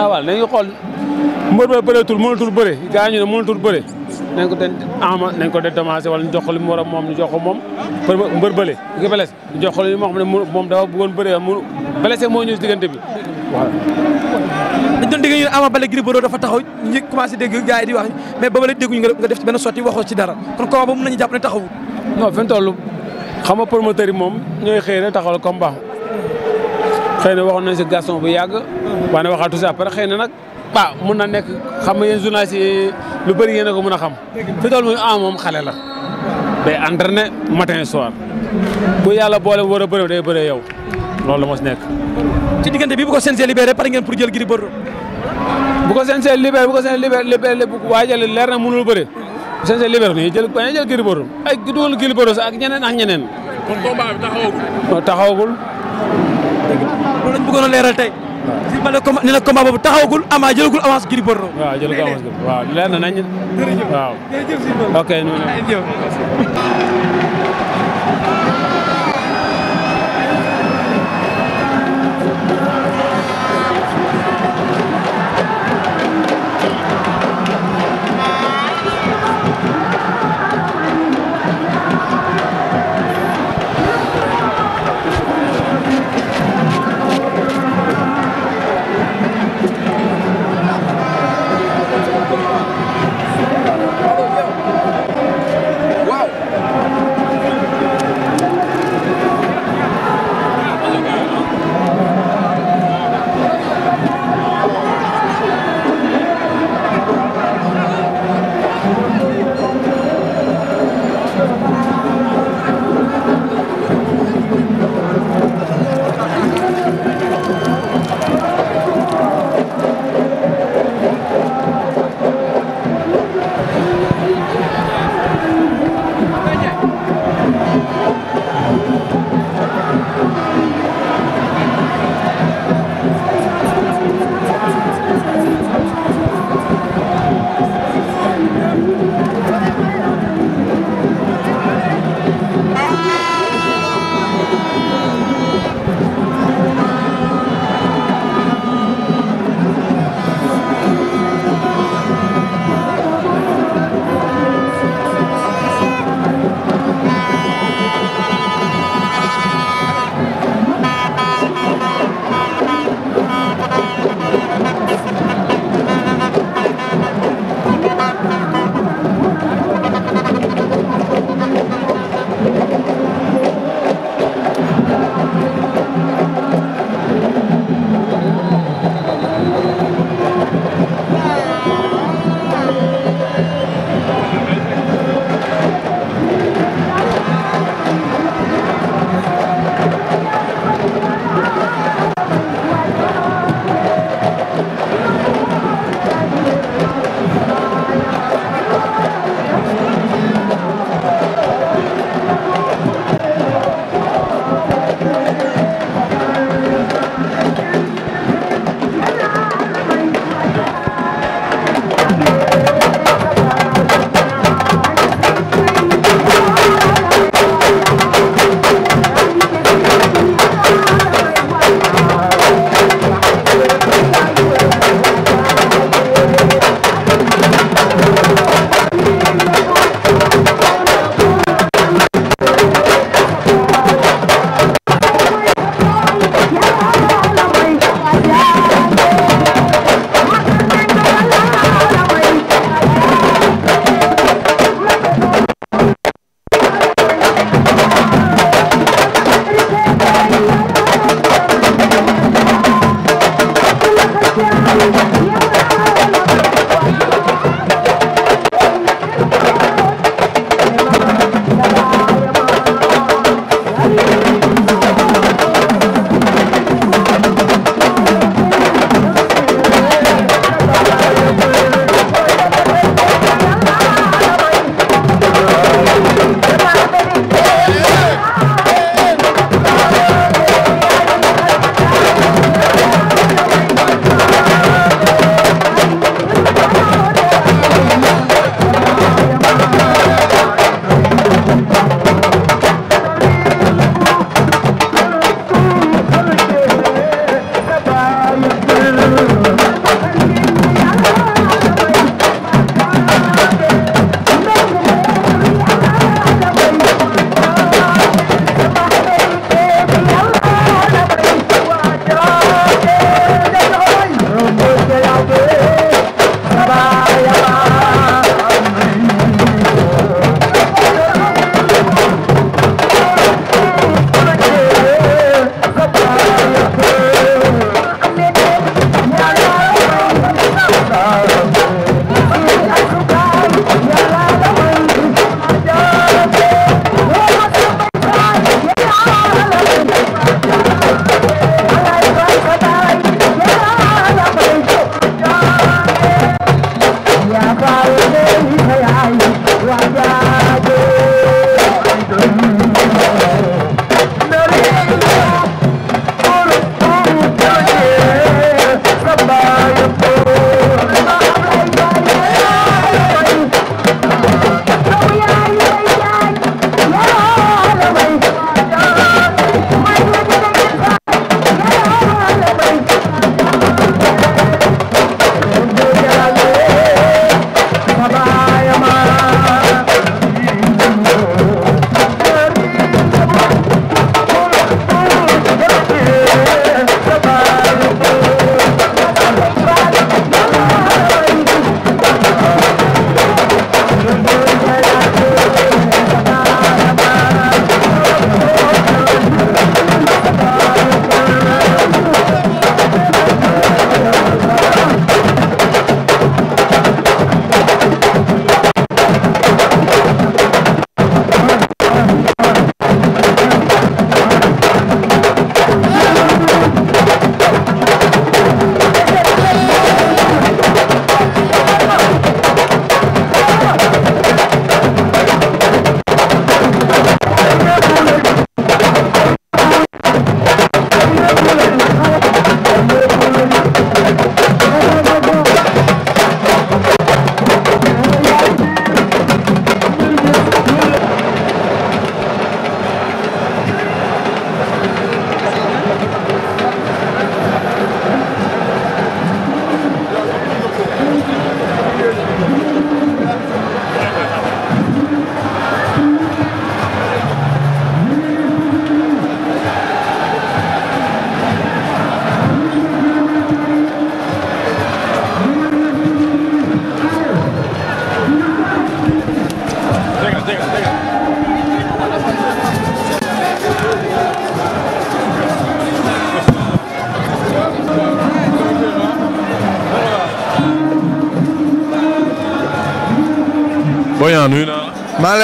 ah mbër ba bëreetul mënatul bëre gars ñu ne mënatul bëre nañ ko den ama nañ ko dédommagé wala ñu jox li mu war a moom ñu jox ko moom mbër bële ki beles ñu jox ko li moo xam ne moom dafa diggante bi waaw dañ doon dégg ñu ne Ama Baldé Gris taxaw ñi commencé dégg gars di wax mais ba ba léegi dégguñu nga def ci benn sotti waxoo ci dara kon combat ba mën nañu jàpp ne taxawul non fi mu toll xam nga moom ñooy xëy na taxawal combat xëy na waxoon nañ si Gaston bu yàgg waaye waxaatu si après xëy na nag ba mun na nekk xam nga yéen journaliste yi lu bëri yéen a ko mën a xam fi tool muy a moom xale la day entraîné matin soir bu yàlla boole war a bëri day bëree yow loolu la moo si nekk ci diggante bi bu ko CNG libéré pare ngeen pour jël Gris Bordeaux bu ko CNG libéré bu ko CNG libéré waaye jël leer na mënul bëri CNG libéré nii jël bañ a jël Gris Bordeaux ay dugal Gris Bordeaux ak ñeneen ak ñeneen kon combat bi taxawagul taxawagul loolu lañ leeral tey si ma ne combat nee na combat boobu taxawagul ama jëlagul avance Gris Bordeaux. waaw jëlagul avance Gris waaw na nañ. jërëjëf waaw jërëjëf si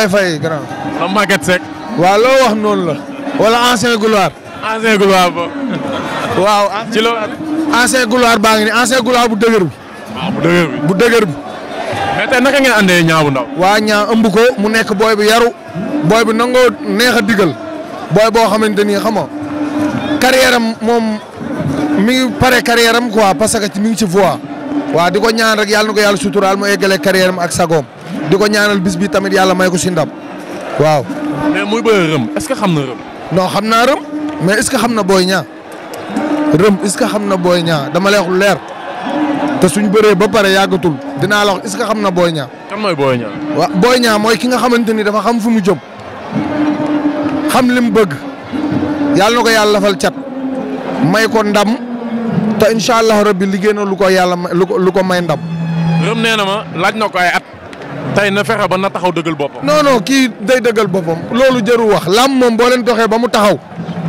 lay fay grand. la Maguette Seck. waaw loo wax noonu la. wala ancien gloire. ancien gloire boobu. waaw ci loolu. ancien gloire baa ngi nii ancien gloire bu dëgër bi. waaw ah, bu dëgër bi bu dëgër bi. mais tey naka ngeen andee ñaabu waa ñaa ëmb mu nekk booy bi yaru. booy bi nangoo neex a digal. boo xamante ni xam nga moom mi ngi pare carrière am quoi parce mi ci voie. waa di ko ñaan rek yàlla na ko yàlla suturaal mu eggalee carrière am ak sagoom di ko ñaanal bis bi tamit yàlla may ko si ndam waaw. mais muy bëre rëm est-ce que xam na rëm. non xam naa rëm mais est-ce que xam na booy ñaa rëm est-ce que xam na booy ñaa dama lay wax lu leer te suñ bëree ba pare yàggatul dinaa la wax est que xam na booy ñaa. kan mooy booy ñaa. waaw booy ñaa mooy ki nga xamante ni dafa xam fu mu jëm xam li bëgg yàlla na ko yàlla lafal cat may ko ndam te incha allah rabbi liggéey na lu ko yàlla lu ko lu ko may ndam. rëm nee ma laaj na ko ay at. tey na fexe ba na taxaw dëggal boppam. non non kii day dëggal boppam loolu jëru wax làmb moom boo leen doxee ba mu taxaw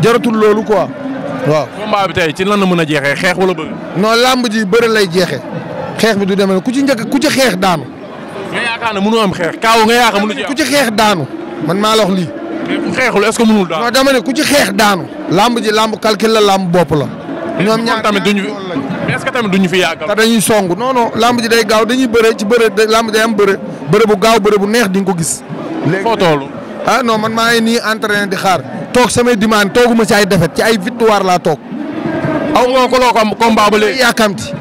jaratul loolu quoi waaw. combat bi tey ci lan la mën a jeexee xeex wala bëgg. non làmb ji bëri lay jeexee xeex bi du demee ku ci njëkk ku ci xeex daanu. nga yaakaar ne am xeex kaaw nga yaakaar mënu ci ku daanu man maa la wax lii. mais ku xeexul est-ce que mënul daanu. ku ci xeex daanu. làmb ji làmb calcul la làmb bopp la. ñoom ñaar tamit duñu mais est-ce que tamit duñu fi yàggal te dañuy song non non ji day gaaw dañuy bëre ci bëre lamb ji day am bëre bëre bu gaaw bëre bu neex di nga ko gis léegi foo ah non man maa ngi nii entraîné di xaar toog samay dimaan tooguma ci ay défaite ci ay victoire laa toog aw nga ko loo ko combat ba léegi yàkkamti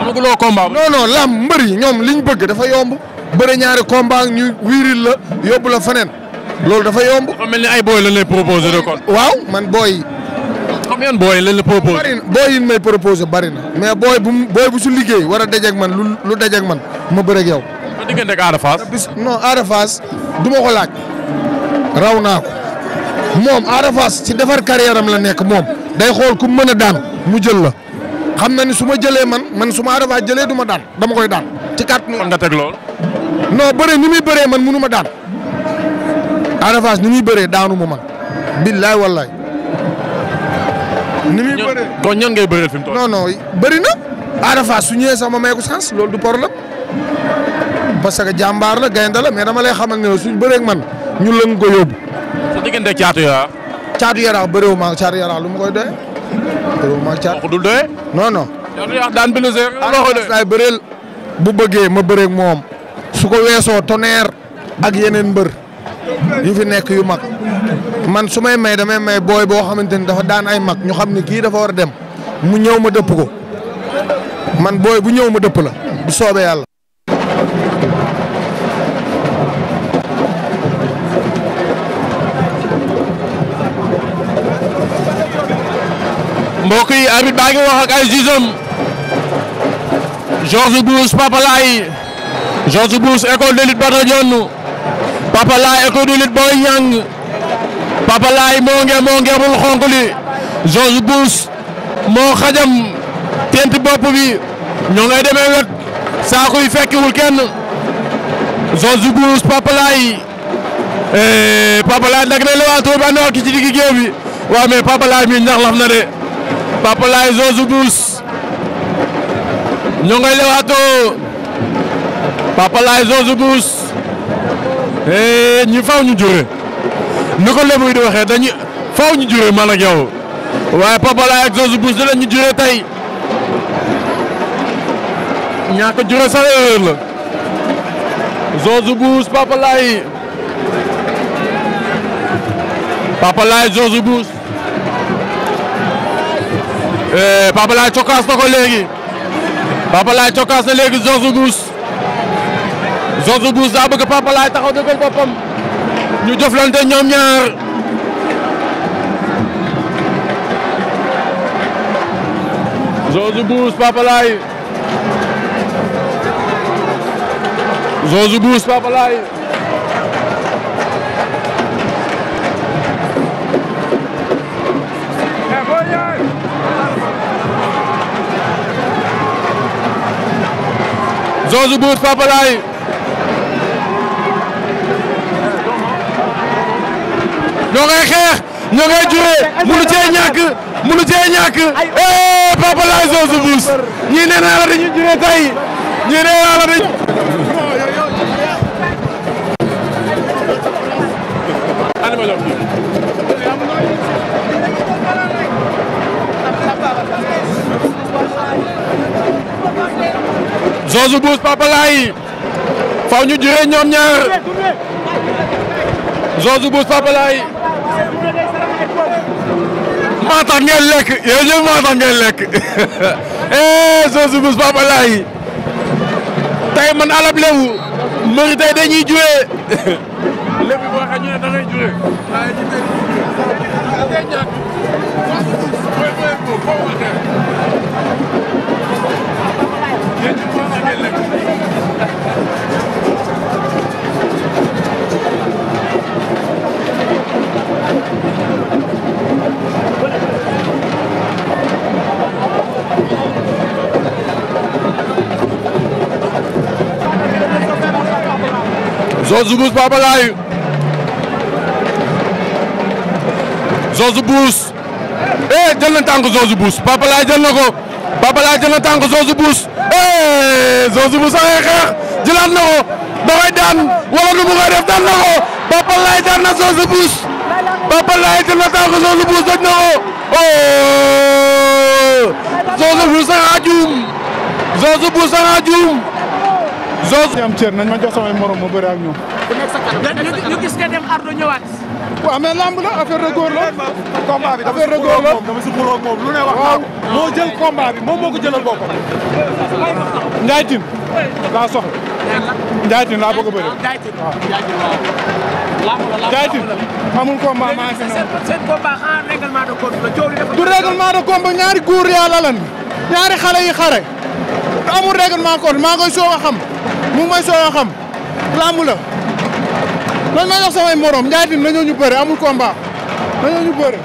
amagu loo combat non non lamb yi ñoom liñ bëgg dafa yomb bëre ñaari combat ñu wiiril la yóbbu la feneen loolu dafa yomb dafa mel ni ay booy la lay proposé de waaw man booy comme yan booy lañ la proposé. bari na bari na. mais booy bu booy bu su liggéey war a dajeeg man lu lu dajeeg man ma bëreeg yow. ma diggante ak Ada Fass. non Ada Fass du ma ko laaj. raw naa ko moom Ada Fass ci defar carrière la nekk moom day xool ku mën a daan mu jël la xam na ni su ma jëlee man man su ma Ada Fass jëlee du ma daan dama koy daan. ci kàtt nu nga teg lool. non bëre ni muy bëree man munu ma daan Ada Fass ni muy bëree daanu ma man. billaay wallaay. ni muy bëree kon ñan bëreel fi mu toll. non bëri na. Ada su ñëwee sax ma may ko chance loolu du problème parce que jàmbaar la gaynde la mais dama lay xamal ne suñ bëree ak man ñu lëng ko yóbbu. su diggante caatu yaraax. caatu yaraax bëriwul maa caatu yaraax lu mu koy doyee. bëriwul maa caatu. waxu non non. caatu bëreel bu bëggee ma bëree ak moom su ko weesoo tonnerre ak yeneen mbër. yu fi nekk yu mag man su may may damay may booy boo xamante ni dafa daan ay mag ñu xam ne kii dafa war a dem mu ñëw ma dëpp ko man booy bu ñëw ma dëpp la bu soobee yàlla. mbokk yi baa ngi wax ay jugeem Georges Bouss Papalaye Georges Bouss école de lutte Bada Papa Laye école de lutte Boy Niang Papa Laye moo nge moo ngeebul xonk li George Bush moo xajam tent bopp bi ñoo demee wet saako yi fekkiwul kenn George Bush Papa Laye eh, Papa Laye nag ne la waa Touba Noor ki ci diggi géew bi waaw Papa Laye mi ñax laf na de Papa Laye George Bush ñoo lewaatoo Papa Laye George Bush Eh, ñi faw ñu jure ni ko lemuy di waxee dañu faw ñu jure man ak yow waaye Papa Laye ak Zoss Boucher la ñu jure tey ñàkk a jure sa erreur la Zoss Boucher Papa Laye Papa Laye Zoss Boucher eh, Papa na ko léegi Papa Laye cokkaas na léegi Zoss Boucher George Bush daa bëgg Papa Laye taxaw dëggal boppam ñu jëflante ñoom ñaar George Bush Papa Laye ñoo ngay xeex ñoo ngay juree munu cee ñàkk munu cee ñàkk eh Papa Laye Zozo Bouss ñii nee naa la dañuy juree tey ñii nee naa la dañuy. Zozo Bouss Papa Laye faw ñu juree ñoom ñaar Zozo Bouss Papa Laye maa tax ngeen lekk yéen ñëpp maa tax ngeen lekk soo *laughs* eh, su bus Papa Laye tey man alab lebu mbëri tey dañuy *laughs* da ngay juwee Zoss Bouss Papa Laye Zoss Bouss eh jël na tànk Zoss Bouss Papa Laye jël eh, xeex jëlaat na ko daan wala nu mu koy def na ko Papa Laye daan na Zoss na tànk Zoss Bouss daj na ko oh Zoss Bouss sanga Zoss am cër nañ ma jox samay morom ma bëri ak ñoom. ñu gis nga dem Ardo ñëwaat. waaw mais lamb la affaire de góor la. combat bi affaire de góor la waaw moo jël combat bi moom moo ko jëlal boppam. Ndiaye Tine laa soxla. Ndiaye Tine laa a bëri. waaw Ndiaye Tine amul combat maa ngi fi noonu. seen combat en règlement ñaari góor yàlla lan ñaari xale yi xare. amul règlement kon maa soog a xam mu ngi soog a xam làmb ma jox samay morom Ndiaye Tine nañoo ñu bëre amul combat nañoo ñu bëre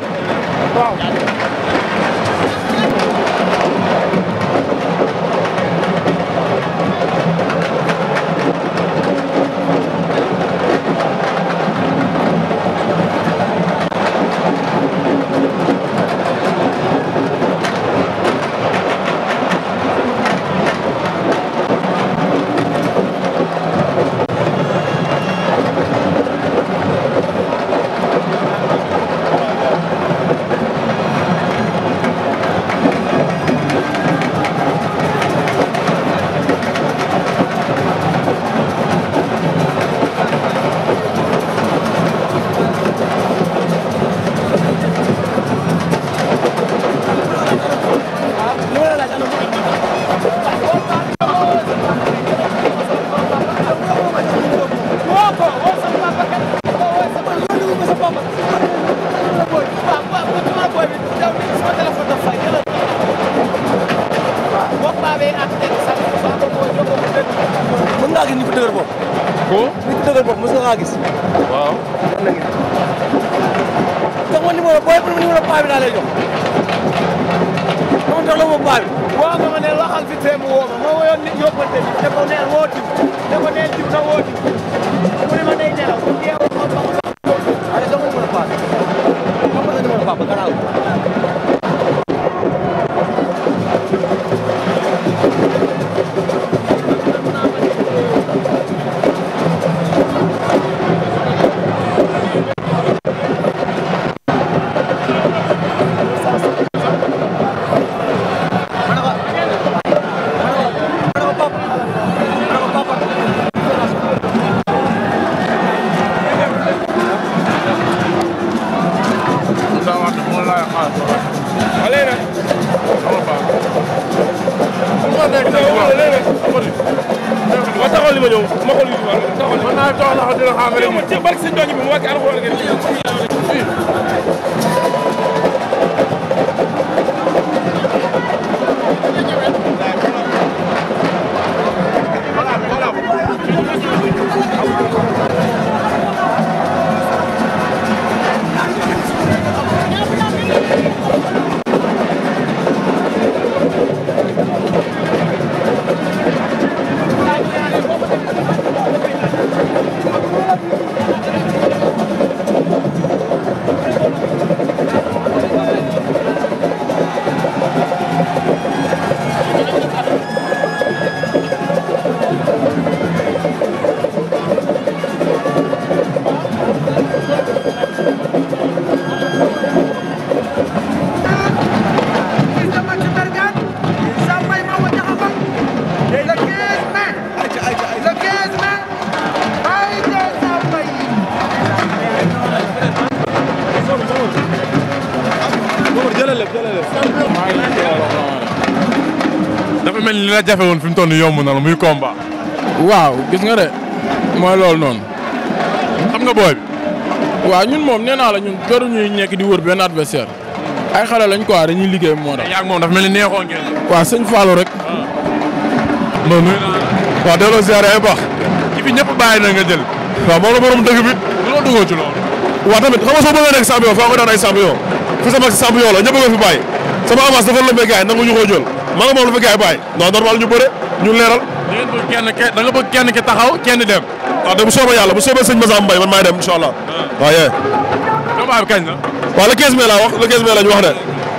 laa lay jox tontu la mu baal woo nga ma ne waxal fi tee mu woo ma ma woyoon nit yóbbante bi ne ko neel woo diw ne ko neel diw na woo diw jafe woon fi mu toll nii yomb na la muy combat. waaw gis nga de mooy loolu noonu. xam nga booy waaw ñun moom ne naa la ñun jaruñuy nekk di wër benn adversaire ay xale lañ quoi dañuy liggéey moo tax. yaa dafa mel ni neexoon ngeen. waaw sëñ Fallou rek. Ah. non nuyu naa la. waaw delloo ziar ay baax. ci ñëpp bàyyi na nga jël. waaw moom la borom dëkk bi. du la duggoo ci loolu. waaw tamit xam nga soo bëggee nekk champion faa ko daan ay champion fi sama champion la ñëpp nga fi bàyyi sama avance dafa lëmbee gars yi nangu ñu ko ma ne moom la fa gars yi bàyyi non normal ñu bëre ñu leeral. da ngeen bëgg kenn da nga bëgg kenn ki taxaw kenn dem. waaw de bu soobee yàlla bu soobee sëñ Massa Mbaye man maay dem incha allah. Ah. waaw yee. combat la. wax le 15 mai la ñu wax de.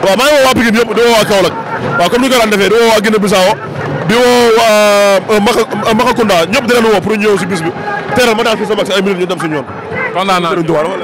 waaw maa ngi woo waa Pikine yëpp di woo waa Kaolack waaw comme ni ko daan defee di woo waa Guinée Bissau di waa euh, Maka Maka Kounda ñëpp di leen woo pour si bis bi ma daal fii sama ak si ay minutes ñu dem suñu yoon. kontaan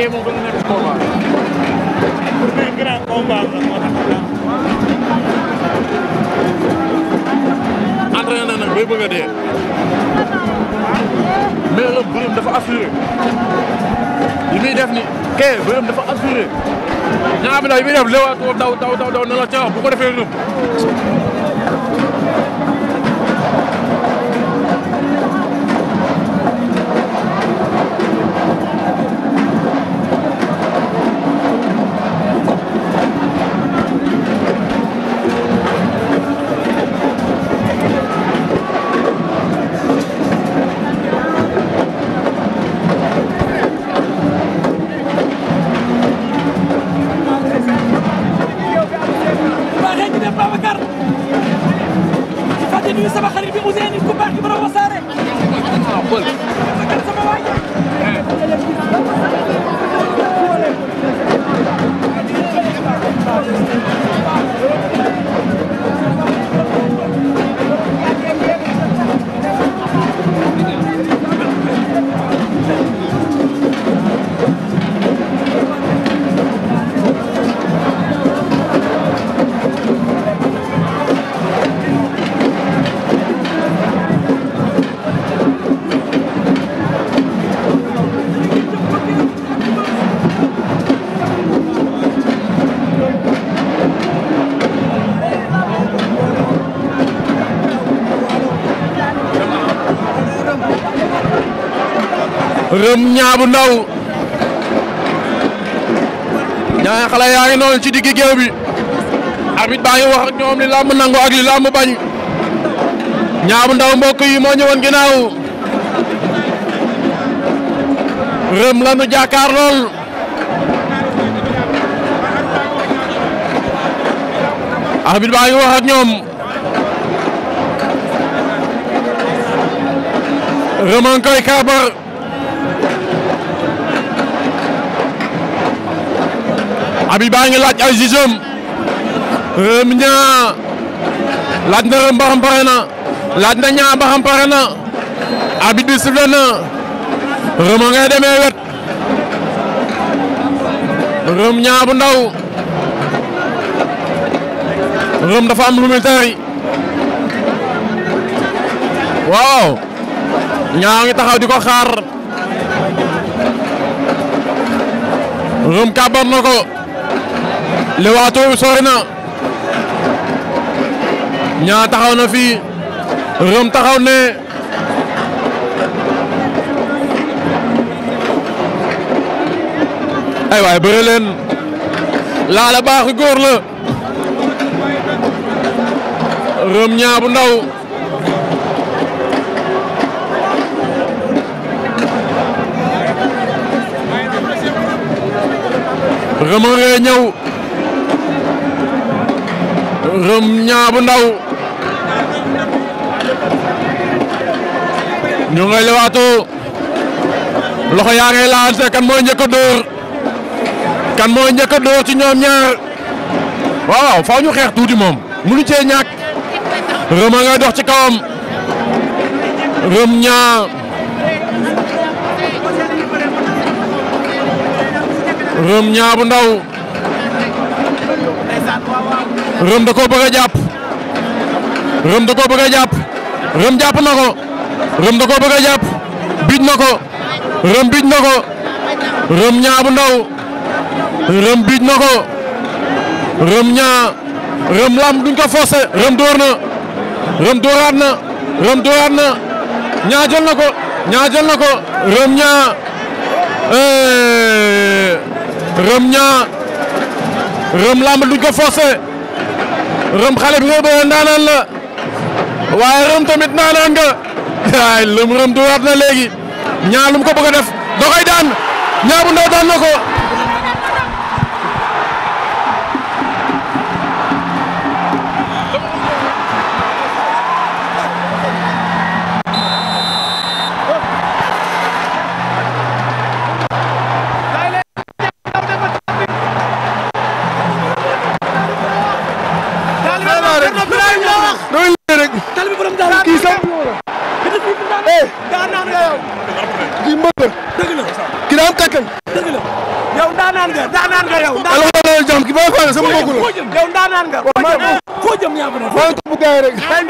kii moom gën a nekk combat. pour nekk grand combat la moo tax. entraîné na nag bay bëgg a dee. mais le bërëm dafa assuré. li muy def ni kee bërëm dafa assuré. ñaar bi daal li muy def léewaatoo daw daw daw daw na la caaw bu ko defee rëbb. rëm ñaa ndaw ñaari xale yaa ngi noonu ci diggi géew bi arbitre baa ngi wax ñoom li làmb nangu ak li làmb bañ ñaabu ndaw mbokk yi moo ñëwoon rëm lanu jàkkaar lool arbitre baa ngi ñoom rëm a ngi kaabar abi baa ngi laaj ay jijëm Reum Niang laaj na Reum mbaxam na laaj na Niang mbaxam na abi di sifle na Reum a ngay demee wet Reum Niang bu ndaw Reum dafa am lu muy tari ngi taxaw di ko xaar Reum kàbbar na ko lewaatoo bi sori na ñaa taxaw na fii rëm taxaw ne ay waay bëre leen laala baaxu góor la rëm ñaa bu ndaw rëm a rëm ñaa bu ndaw ñu ngay lewaatu loxo yaa ngay laante kan mooy njëkk a dóor kan mooy njëkk a dóor ci ñoom ñaar waaw waaw faaw ñu xeex tuuti moom munu cee ñàkk rëm a ngay dox ci kawam rëm ñaa rëm ñaa bu ndaw Reum da koo bëgg a jàpp Reum da koo bëgg a jàpp Reum jàpp na ko Reum da koo bëgg jàpp bij na ko Reum bij na ko Reum ñaa bu ndaw Reum bij na ko Reum ñaa Reum lam duñ ko forcé Reum door na Reum dooraat na ñaa jël na ko ñaa jël na ko ñaa eh. Reum ñaa Reum lamb duñ ko forcé rëm xale bi nga bëgg ndaanaan la waaye rëm tamit ndaanaan nga ay lëm rëm duwaat na léegi ñaa lu ko bëgg a def da koy daan ñaa bu ndaw daan na rek